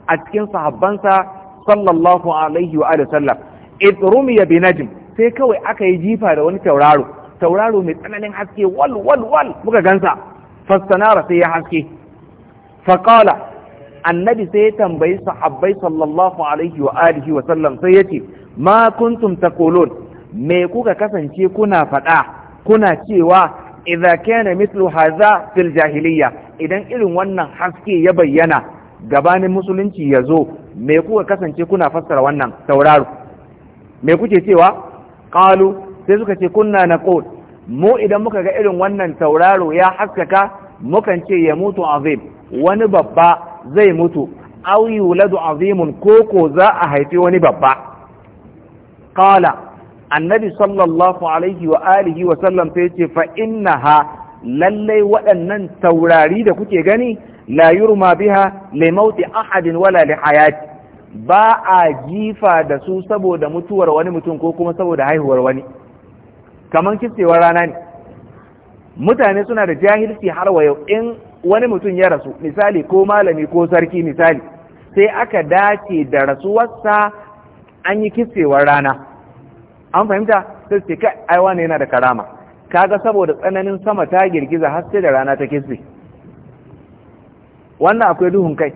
a cikin sahabbansa sallallahu alaihi wa alihi wa sallam idrumiya bi najm sai kawai aka yi jifa da wani tauraro tauraro mai tsananin haske wal wal wal muka gansa fastanara sai ya haske faqala annabi sai ya tambayi sahabbai sallallahu alaihi wa alihi wa sallam sai yace ma kuntum taqulun me kuka kasance kuna faɗa kuna cewa idza kana mithlu hadha fil jahiliyya idan irin wannan haske ya bayyana gabanin musulunci ya zo me kuka kasance kuna fassara wannan tauraro me kuke cewa qalu sai suka ce kunna naqul mu idan muka ga irin wannan tauraro ya haskaka mukan ce ya mutu azim wani babba zai mutu aw yuladu azimun koko za a haifi wani babba qala annabi sallallahu alaihi wa alihi wa sallam sai ce fa innaha lallai waɗannan taurari da kuke gani la yurma biha li mauti ahadin wala li hayati ba a jifa da su saboda mutuwar wani mutum ko kuma saboda haihuwar wani kamar kistewar rana ne mutane suna da jahilci har wa yau in wani mutum ya rasu misali ko malami ko sarki misali sai aka dace da rasuwarsa an yi kistewar rana an fahimta sai ce kai aiwa ne yana da karama kaga saboda tsananin sama ta girgiza har sai da rana ta kiste wannan akwai duhun kai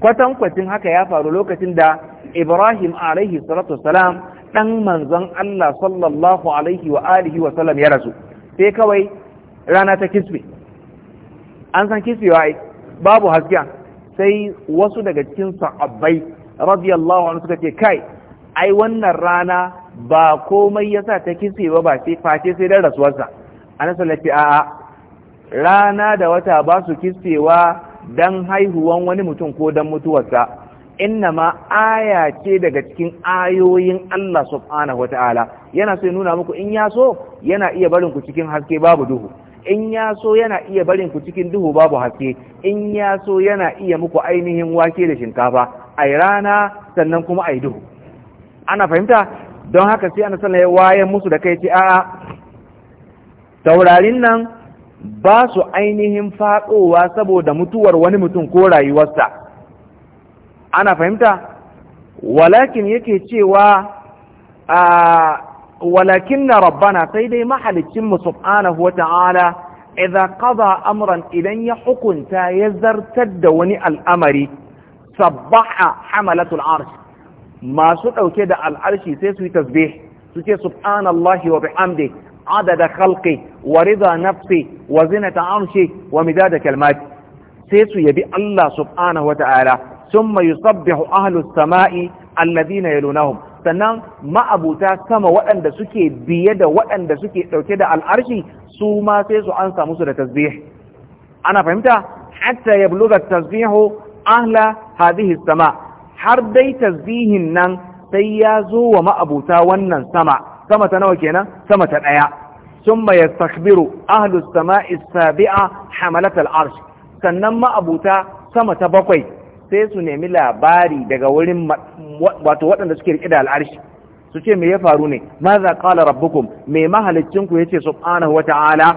kwatankwacin haka ya faru lokacin da ibrahim alaihi salatu wasalam dan manzon allah sallallahu alaihi wa alihi wa sallam ya rasu sai kawai rana ta kisbe an san kisbe ai babu hasken sai wasu daga cikin sahabbai radiyallahu anhu suka ce kai ai wannan rana ba komai yasa ta kisbe ba sai face sai dan rasuwarsa anasa lafi a'a rana da wata ba su kisbewa dan haihuwan wani mutum ko dan mutuwarsa innama aya ce daga cikin ayoyin Allah subhanahu wataala yana so ya nuna muku in ya so yana iya barin ku cikin haske babu duhu in ya so yana iya barin ku cikin duhu babu haske in ya so yana iya muku ainihin wake da shinkafa ai rana sannan kuma ai duhu ana fahimta don haka sai ana sanar wayan musu da kai ce a'a taurarin nan ba su ainihin faɗowa saboda mutuwar wani mutum ko rayuwarsa ana fahimta walakin yake cewa a walakin na rabbana sai dai mahalicinmu subhanahu wa ta'ala idan qada amran idan ya hukunta ya zartar da wani al'amari sabbaha hamalatul arsh masu ɗauke da al'arshi sai su yi tasbih su ce subhanallahi wa bihamdihi عدد خلقي ورضا نفسي وزنة عرشي ومداد كلماتي سيسو يبي الله سبحانه وتعالى ثم يصبح أهل السماء الذين يلونهم sannan ma'abuta sama waɗanda suke biye da waɗanda suke ɗauke da al'arshi su ma sai su an samu su da tasbih ana fahimta hatta ya buluga tasbihu ahla hadhihi sama har dai tasbihin nan sai ya zo wa ma'abuta wannan sama sama ta nawa kenan sama ta ɗaya summa yastakbiru ahlus sama'i sabi'a hamalat al-arsh sannan ma'abuta sama ta bakwai sai su nemi labari daga wurin wato waɗanda suke riƙe da al'arshi su ce me ya faru ne maza qala rabbukum me ku yace subhanahu wa ta'ala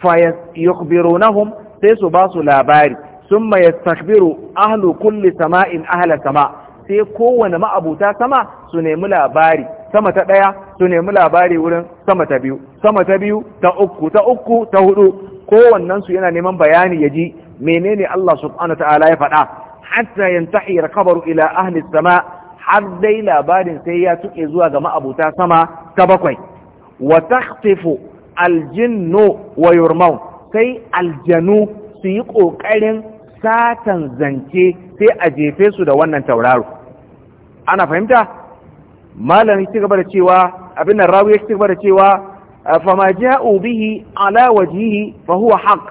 fa yukhbirunahum sai su ba su labari summa yastakbiru ahlu kulli sama'in ahla sama' sai kowane ma'abuta sama su nemi labari sama ta ɗaya su nemi labari wurin sama ta biyu sama ta biyu ta uku ta uku ta hudu kowannen su yana neman bayani ya ji menene Allah subhanahu ta'ala ya faɗa hatta yantahi al-khabaru ila ahli sama har dai labarin sai ya tuke zuwa ga ma'abuta sama ta bakwai wa takhtifu al-jinnu wa sai aljanu su yi kokarin satan zance sai a jefe su da wannan tauraro ana fahimta malam ya gaba da cewa abin nan rawi ya gaba da cewa ma ja'u bihi ala wajhihi fa huwa haqq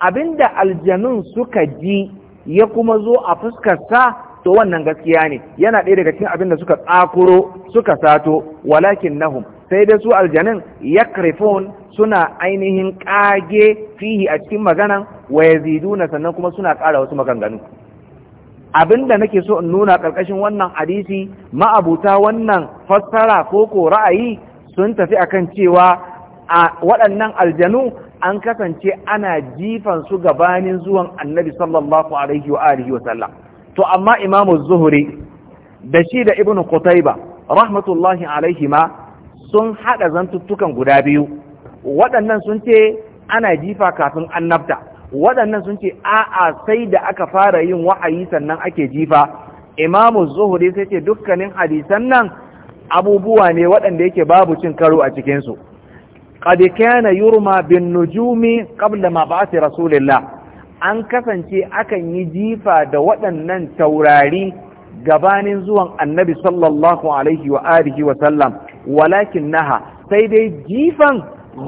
abinda aljanun suka ji ya kuma zo a fuskar sa to wannan gaskiya ne yana ɗaya daga cikin abinda suka tsakuro suka sato walakin nahum sai dai su aljanun yakrifun suna ainihin ƙage fihi a cikin maganan wa yaziduna sannan kuma suna ƙara wasu maganganu abinda nake so in nuna ƙarƙashin wannan hadisi ma'abuta wannan fassara ko ko ra'ayi sun tafi akan cewa a waɗannan aljanu an kasance ana jifan su gabanin zuwan annabi sallallahu alaihi wa alihi wa sallam to amma imamu zuhuri da shi da ibn qutayba rahmatullahi alaihi ma sun haɗa zantuttukan guda biyu waɗannan sun ce ana jifa kafin annabta waɗannan sun ce a'a sai da aka fara yin wa'ayi sannan ake jifa imamu zuhuri sai ce dukkanin hadisan nan abubuwa ne waɗanda yake babu cin karo a cikinsu qad kana yurma bin nujumi qabla ma ba'ath rasulillah an kasance akan yi jifa da waɗannan taurari gabanin zuwan annabi sallallahu alaihi wa alihi wa sallam walakin naha sai dai jifan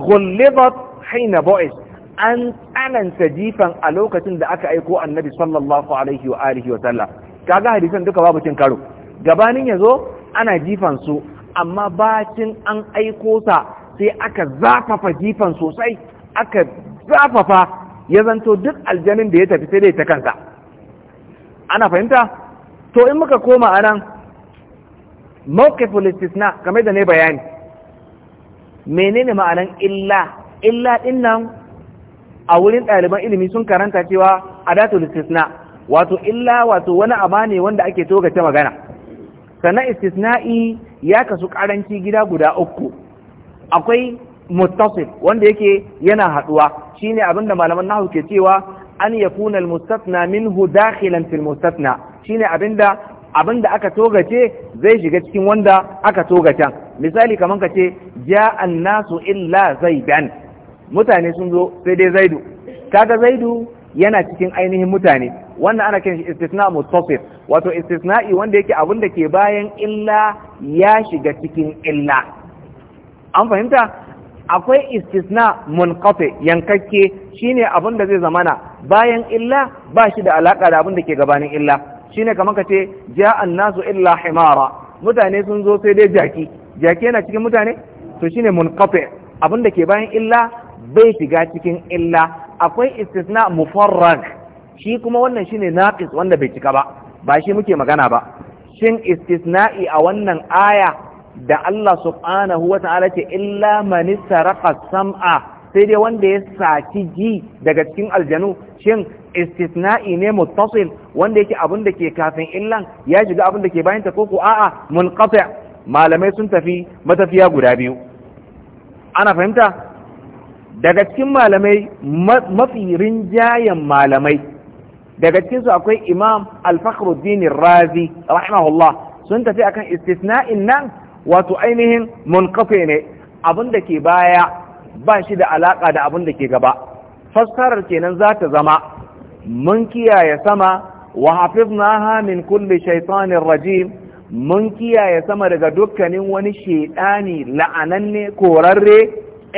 gullibat haina bo'is an tsananta jifan a lokacin da aka aiko annabi sallallahu alaihi wa alihi wa sallam kaga hadisan duka babu cin karo gabanin yazo ana jifan su amma bacin an aiko sa sai aka zafafa jifan sosai aka zafafa ya zanto duk aljanin da ya tafi sai dai ta kanka. ana fahimta to in muka koma anan mawqiful istisna kamar da ne bayani menene ma'anan illa illa dinnan a wurin ɗaliban ilimi sun karanta cewa adatul istisna wato illa wato wani aba ne wanda ake togace magana sannan istisna'i ya kasu karanci gida guda uku akwai mustasif wanda yake yana haduwa shine abinda malaman nahu ke cewa an yakuna almustasna minhu dakhilan fil mustasna shine abinda abinda aka togace zai shiga cikin wanda aka togacen misali kaman kace ja nasu illa zaidan mutane sun zo sai dai zaidu kaga zaidu yana cikin ainihin mutane wannan ana kiran shi istisna mutasif wato istisna'i wanda yake abin da ke bayan illa ya shiga cikin illa an fahimta akwai istisna munqati yankakke shine abin da zai zamana bayan illa ba shi da alaka da abin da ke gabanin illa shine kamar ka ce ja'an nasu illa himara mutane sun zo sai dai jaki jaki yana cikin mutane to shine munqati abin da ke bayan illa bai shiga cikin illa akwai istisna mufarrag shi kuma wannan shine naqis wanda bai cika ba ba shi muke magana ba shin istisna'i a wannan aya da Allah subhanahu wata'ala ta'ala ce illa man saraqa sam'a sai dai wanda ya saki ji daga cikin aljanu shin istisna'i ne muttasil wanda yake abin da ke kafin illan ya shiga abin da ke bayan ta koko a'a munqati malamai sun tafi matafiya guda biyu ana fahimta daga cikin malamai mafi rinjayen malamai daga cikinsu akwai imam al-fakhruddin razi rahimahullah sun tafi akan istisna'in nan wato ainihin munqati ne abin da ke baya ba shi da alaka da abin da ke gaba fassarar kenan za ta zama mun kiyaye sama wa hafiznaha min kulli shaitanin rajim mun kiyaye sama daga dukkanin wani shedani la'ananne korarre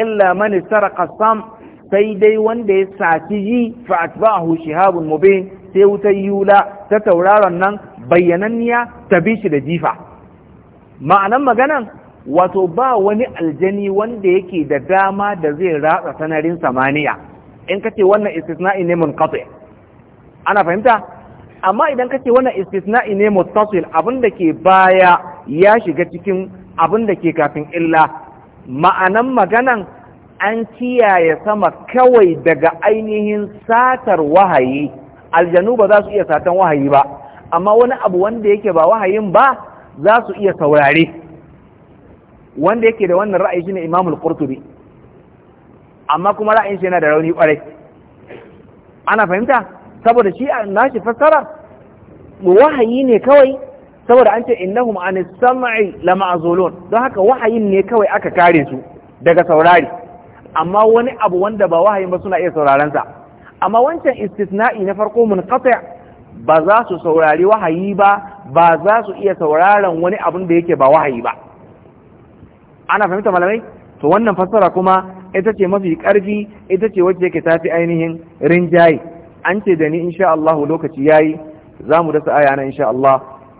illa mani sarqa sam sai dai wanda ya saci yi fa atba'ahu shihabun mubin sai wuta yula ta tauraron nan bayyananniya ta bi shi da jifa ma'anan maganan wato ba wani aljani wanda yake da dama da zai ratsa sanarin samaniya in kace wannan istisna'i ne munqati ana fahimta amma idan kace wannan istisna'i ne muttasil abin ke baya ya shiga cikin abin da ke kafin illa ma'anan maganan an kiyaye sama kawai daga ainihin satar wahayi aljanu ba za su iya satan wahayi ba amma wani abu wanda yake ba wahayin ba za su iya saurare wanda yake da wannan ra'ayi shine imamul qurtubi amma kuma ra'ayin shi yana da rauni kwarai ana fahimta saboda shi a nashi fassara wahayi ne kawai saboda an ce innahum an sam'i lama'zulun don haka wahayin ne kawai aka kare su daga saurari amma wani abu wanda ba wahayin ba suna iya sauraron sa amma wancan istisna'i na farko munqati ba za su saurari wahayi ba ba za su iya sauraron wani abun da yake ba wahayi ba ana fahimta malamai to wannan fassara kuma ita ce mafi karfi ita ce wacce yake tafi ainihin rinjaye an ce da ni insha Allah lokaci yayi za mu dasa aya na insha Allah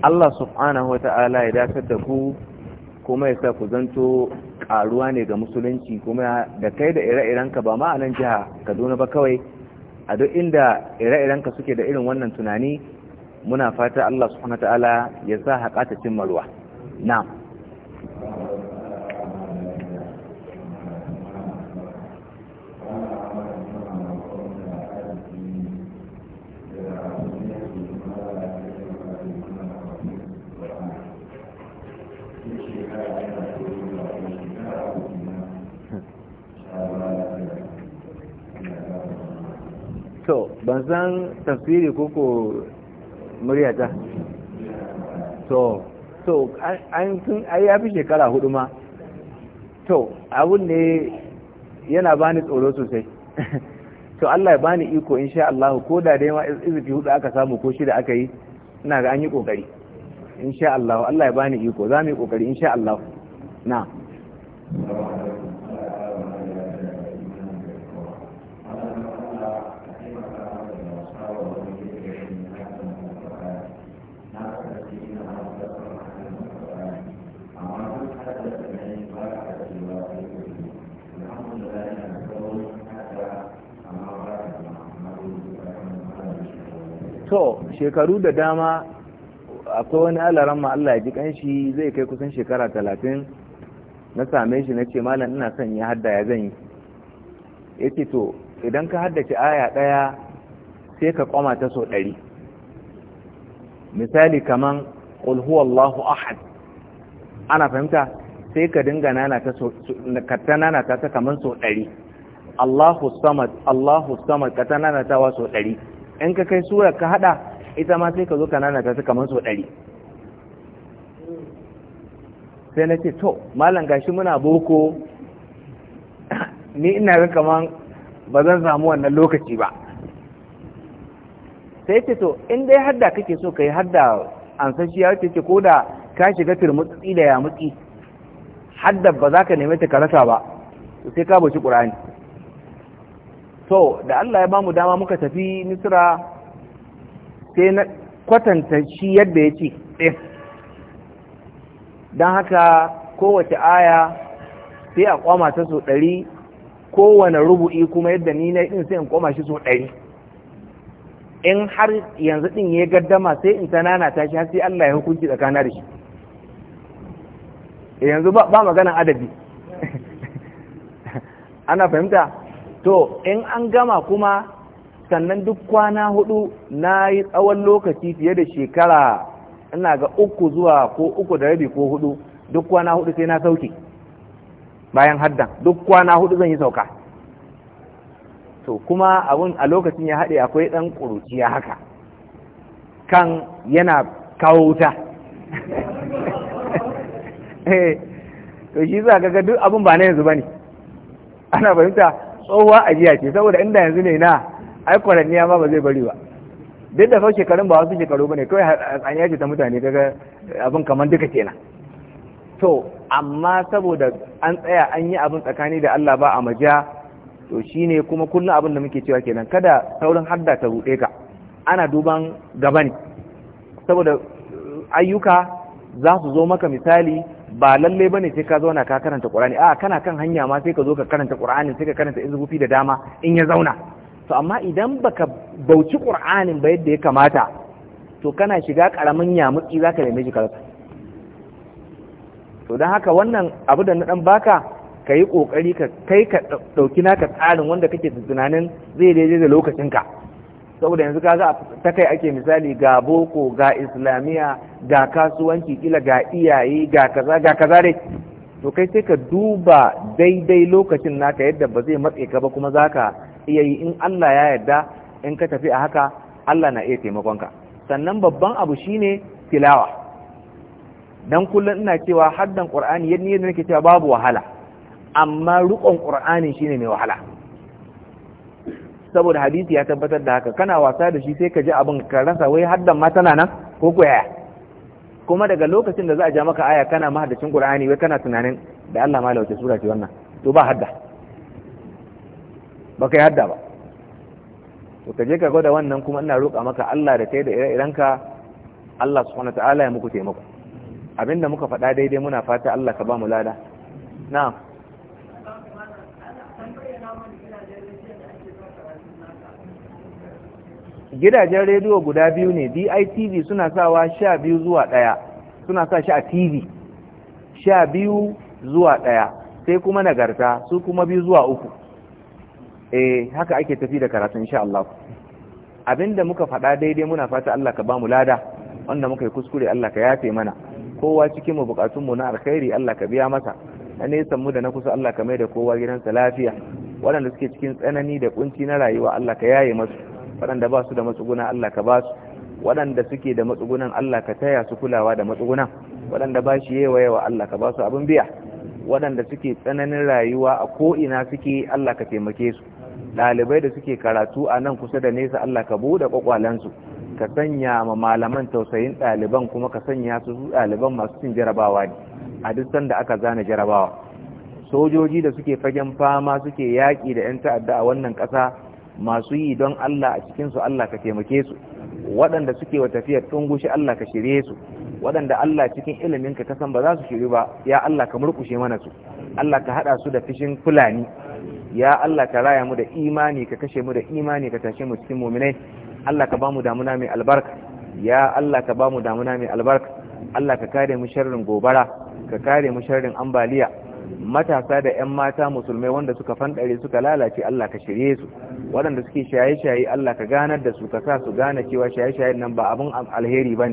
Allah subhanahu wata'ala ya datar da ku kuma ya sa ku zanto karuwa ne ga musulunci kuma da kai da ire-irenka ba ma'anan a nan jiha Kaduna ba kawai a duk inda ire-irenka suke da irin wannan tunani muna fata Allah subhanahu wata'ala ya sa haƙa ta cimma ruwa na'am ban san tafsiri koko muryata to to an sun ai ya fi shekara hudu ma to abun ne yana bani tsoro sosai [LAUGHS] to Allah ya bani iko insha Allah ko da dai ma izifi hudu aka samu ko shida aka yi ina ga an yi kokari insha Allah Allah ya bani iko za mu yi kokari insha Allah na'am shekaru da dama akwai wani alaran ma Allah ya ji kanshi zai kai kusan shekara talatin na same shi na ce malam ina son ya hadda ya zan yi ya ce to idan ka haddace aya ɗaya sai ka kwama ta so ɗari misali kaman allahu ahad ana fahimta sai ka dinga nana ta ta kaman so ɗari Allahu samad Allahu samad ka ta wa so ɗari in ka kai sura ka hada ita ma sai ka zo kanana ta kamar so ɗari sai na ce to malam gashi muna boko ni ina ga kaman ba zan samu wannan lokaci ba sai ce to in dai hadda kake so ka yi hadda ansashiya ya ce ko da ka shiga turmutsi da yamutsi hadda ba za ka nemi ta karasa ba sai ka bashi ƙur'ani to da Allah ya bamu dama muka tafi misra sai na kwatanta shi yadda ya ce ɗin eh. don haka kowace aya sai a kwama ta so ɗari kowane rubu'i kuma yadda ni na ɗin sai in kwama shi so ɗari in har yanzu ɗin ya gaddama sai in tanana ta shi har sai Allah ya hukunci da shi yanzu ba maganan adabi [LAUGHS] ana fahimta to in an gama kuma sannan duk kwana hudu na yi tsawon lokaci fiye da shekara ina ga uku zuwa ko uku da rabi ko hudu duk kwana hudu sai na sauke bayan haddan duk kwana hudu zan yi sauka to kuma abun a lokacin ya haɗe akwai ɗan ƙuruciya haka kan yana kawo wuta [LAUGHS] eh, to shi za ga duk abun ba na yanzu ba ne ana fahimta tsohuwa ajiya ce saboda inda yanzu ne na ai ya ma ba zai bari ba duk da fa shekarun ba wasu shekaru ba ne kawai tsaniya ce ta mutane daga abin kamar duka kenan to amma saboda an tsaya an yi abin tsakani da Allah ba a maja to shine kuma kullum abin da muke cewa kenan kada saurin hadda ta rude ka ana duban gaba ne saboda ayyuka za su zo maka misali ba lalle bane sai ka zauna ka karanta Qur'ani a kana kan hanya ma sai ka zo ka karanta Qur'ani sai ka karanta izubufi da dama in ya zauna to amma idan baka bauci qur'anin ba yadda ya kamata to kana shiga karamin yamuki zaka neme shi karatu to dan haka wannan abu da na dan baka kayi kokari ka kai ka ɗauki naka tsarin wanda kake tunanin zai daidai da lokacinka saboda yanzu kaga ta kai ake misali ga boko ga islamiya ga kasuwanci kila ga iyaye ga kaza ga kaza dai to kai sai ka duba daidai lokacin naka yadda ba zai matse ka ba kuma zaka iya yi in Allah ya yarda in ka tafi a haka Allah na iya taimakon ka, sannan babban abu shine tilawa dan kullum ina cewa haddan qur'ani yadda ne nake cewa babu wahala amma rukon qur'ani shine mai wahala saboda hadisi ya tabbatar da haka kana wasa da shi sai ka ji abin ka rasa wai haddan ma tana nan ko ko yaya kuma daga lokacin da za a ja maka aya kana mahaddacin qur'ani wai kana tunanin da Allah ma lauce sura ce wannan to ba hadda ka yi hadda ba to ka je ka gwada wannan kuma ina roƙa maka Allah da kai da ire-irenka Allah subhanahu ta'ala ya muku taimako abinda muka faɗa daidai muna fata Allah ka ba mu lada na'am gidajen rediyo guda biyu ne DITV suna sawa sha biyu zuwa ɗaya suna sa shi a TV sha biyu zuwa ɗaya sai kuma nagarta su kuma biyu zuwa uku eh haka ake tafi da karatu insha Allah abinda muka faɗa daidai muna fata Allah ka bamu lada wanda muka yi kuskure Allah ka yafe mana kowa cikin mu bukatun mu na alkhairi Allah ka biya masa na nesan mu da na kusa Allah ka mai da kowa gidansa lafiya waɗanda suke cikin tsanani da kunci na rayuwa Allah ka yaye masu waɗanda ba su da matsuguna Allah ka ba su waɗanda suke da matsugunan Allah ka taya su kulawa da matsugunan waɗanda ba shi yawa yawa Allah ka ba su abin biya waɗanda suke tsananin rayuwa a ko ina suke Allah ka taimake su Dalibai da suke karatu a nan kusa da nesa Allah ka buɗe ƙwaƙwalensu ka sanya ma malaman tausayin daliban kuma ka sanya su su daliban masu cin jarabawa ne a duk sanda aka zana jarabawa sojoji da suke fagen fama suke yaƙi da 'yan ta'adda a wannan ƙasa masu yi don Allah a cikinsu Allah ka taimake su waɗanda suke wa tafiyar tungushi Allah ka shirye su waɗanda Allah cikin ilimin ka kasan ba za su shiri ba ya Allah ka murƙushe mana su Allah ka haɗa su da fishin fulani ya Allah ka raya mu da imani ka kashe mu da imani ka tashe mu cikin mu'minai Allah ka bamu damuna mai albarka ya Allah ka bamu damuna mai albarka Allah ka kare mu sharrin gobara ka kare mu sharrin ambaliya matasa da 'yan mata musulmai wanda suka fanɗare suka lalace Allah ka shirye su waɗanda suke shaye-shaye Allah ka ganar da su ka sa su gane cewa shaye-shayen nan ba abin alheri ba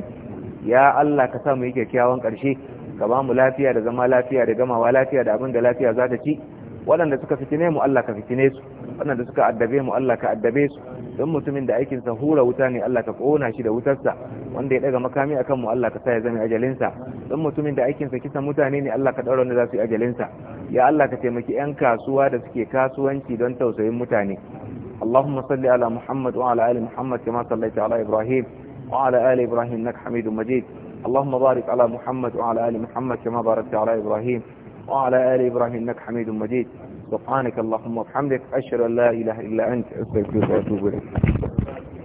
ya Allah ka sa mu yi kyakkyawan ƙarshe ka ba mu lafiya da zama lafiya da gamawa lafiya da abin da lafiya za ta ci waɗanda suka fitine mu Allah ka fitine su waɗanda suka addabe mu Allah ka addabe su don mutumin da aikinsa hura wuta ne Allah ka kona shi da wutarsa wanda ya daga makami akan mu Allah ka sa ya zama ajalinsa don mutumin da aikinsa kisa mutane ne Allah ka ɗaura wanda za su yi ajalinsa ya Allah ka taimaki 'yan kasuwa da suke kasuwanci don tausayin mutane اللهم صل على محمد وعلى آل محمد كما صليت على إبراهيم وعلى آل إبراهيم إنك حميد مجيد اللهم بارك على محمد وعلى آل محمد كما باركت على إبراهيم وعلى آل إبراهيم إنك حميد مجيد سبحانك اللهم وبحمدك أشهد أن لا إله إلا أنت أستغفرك وأتوب إليك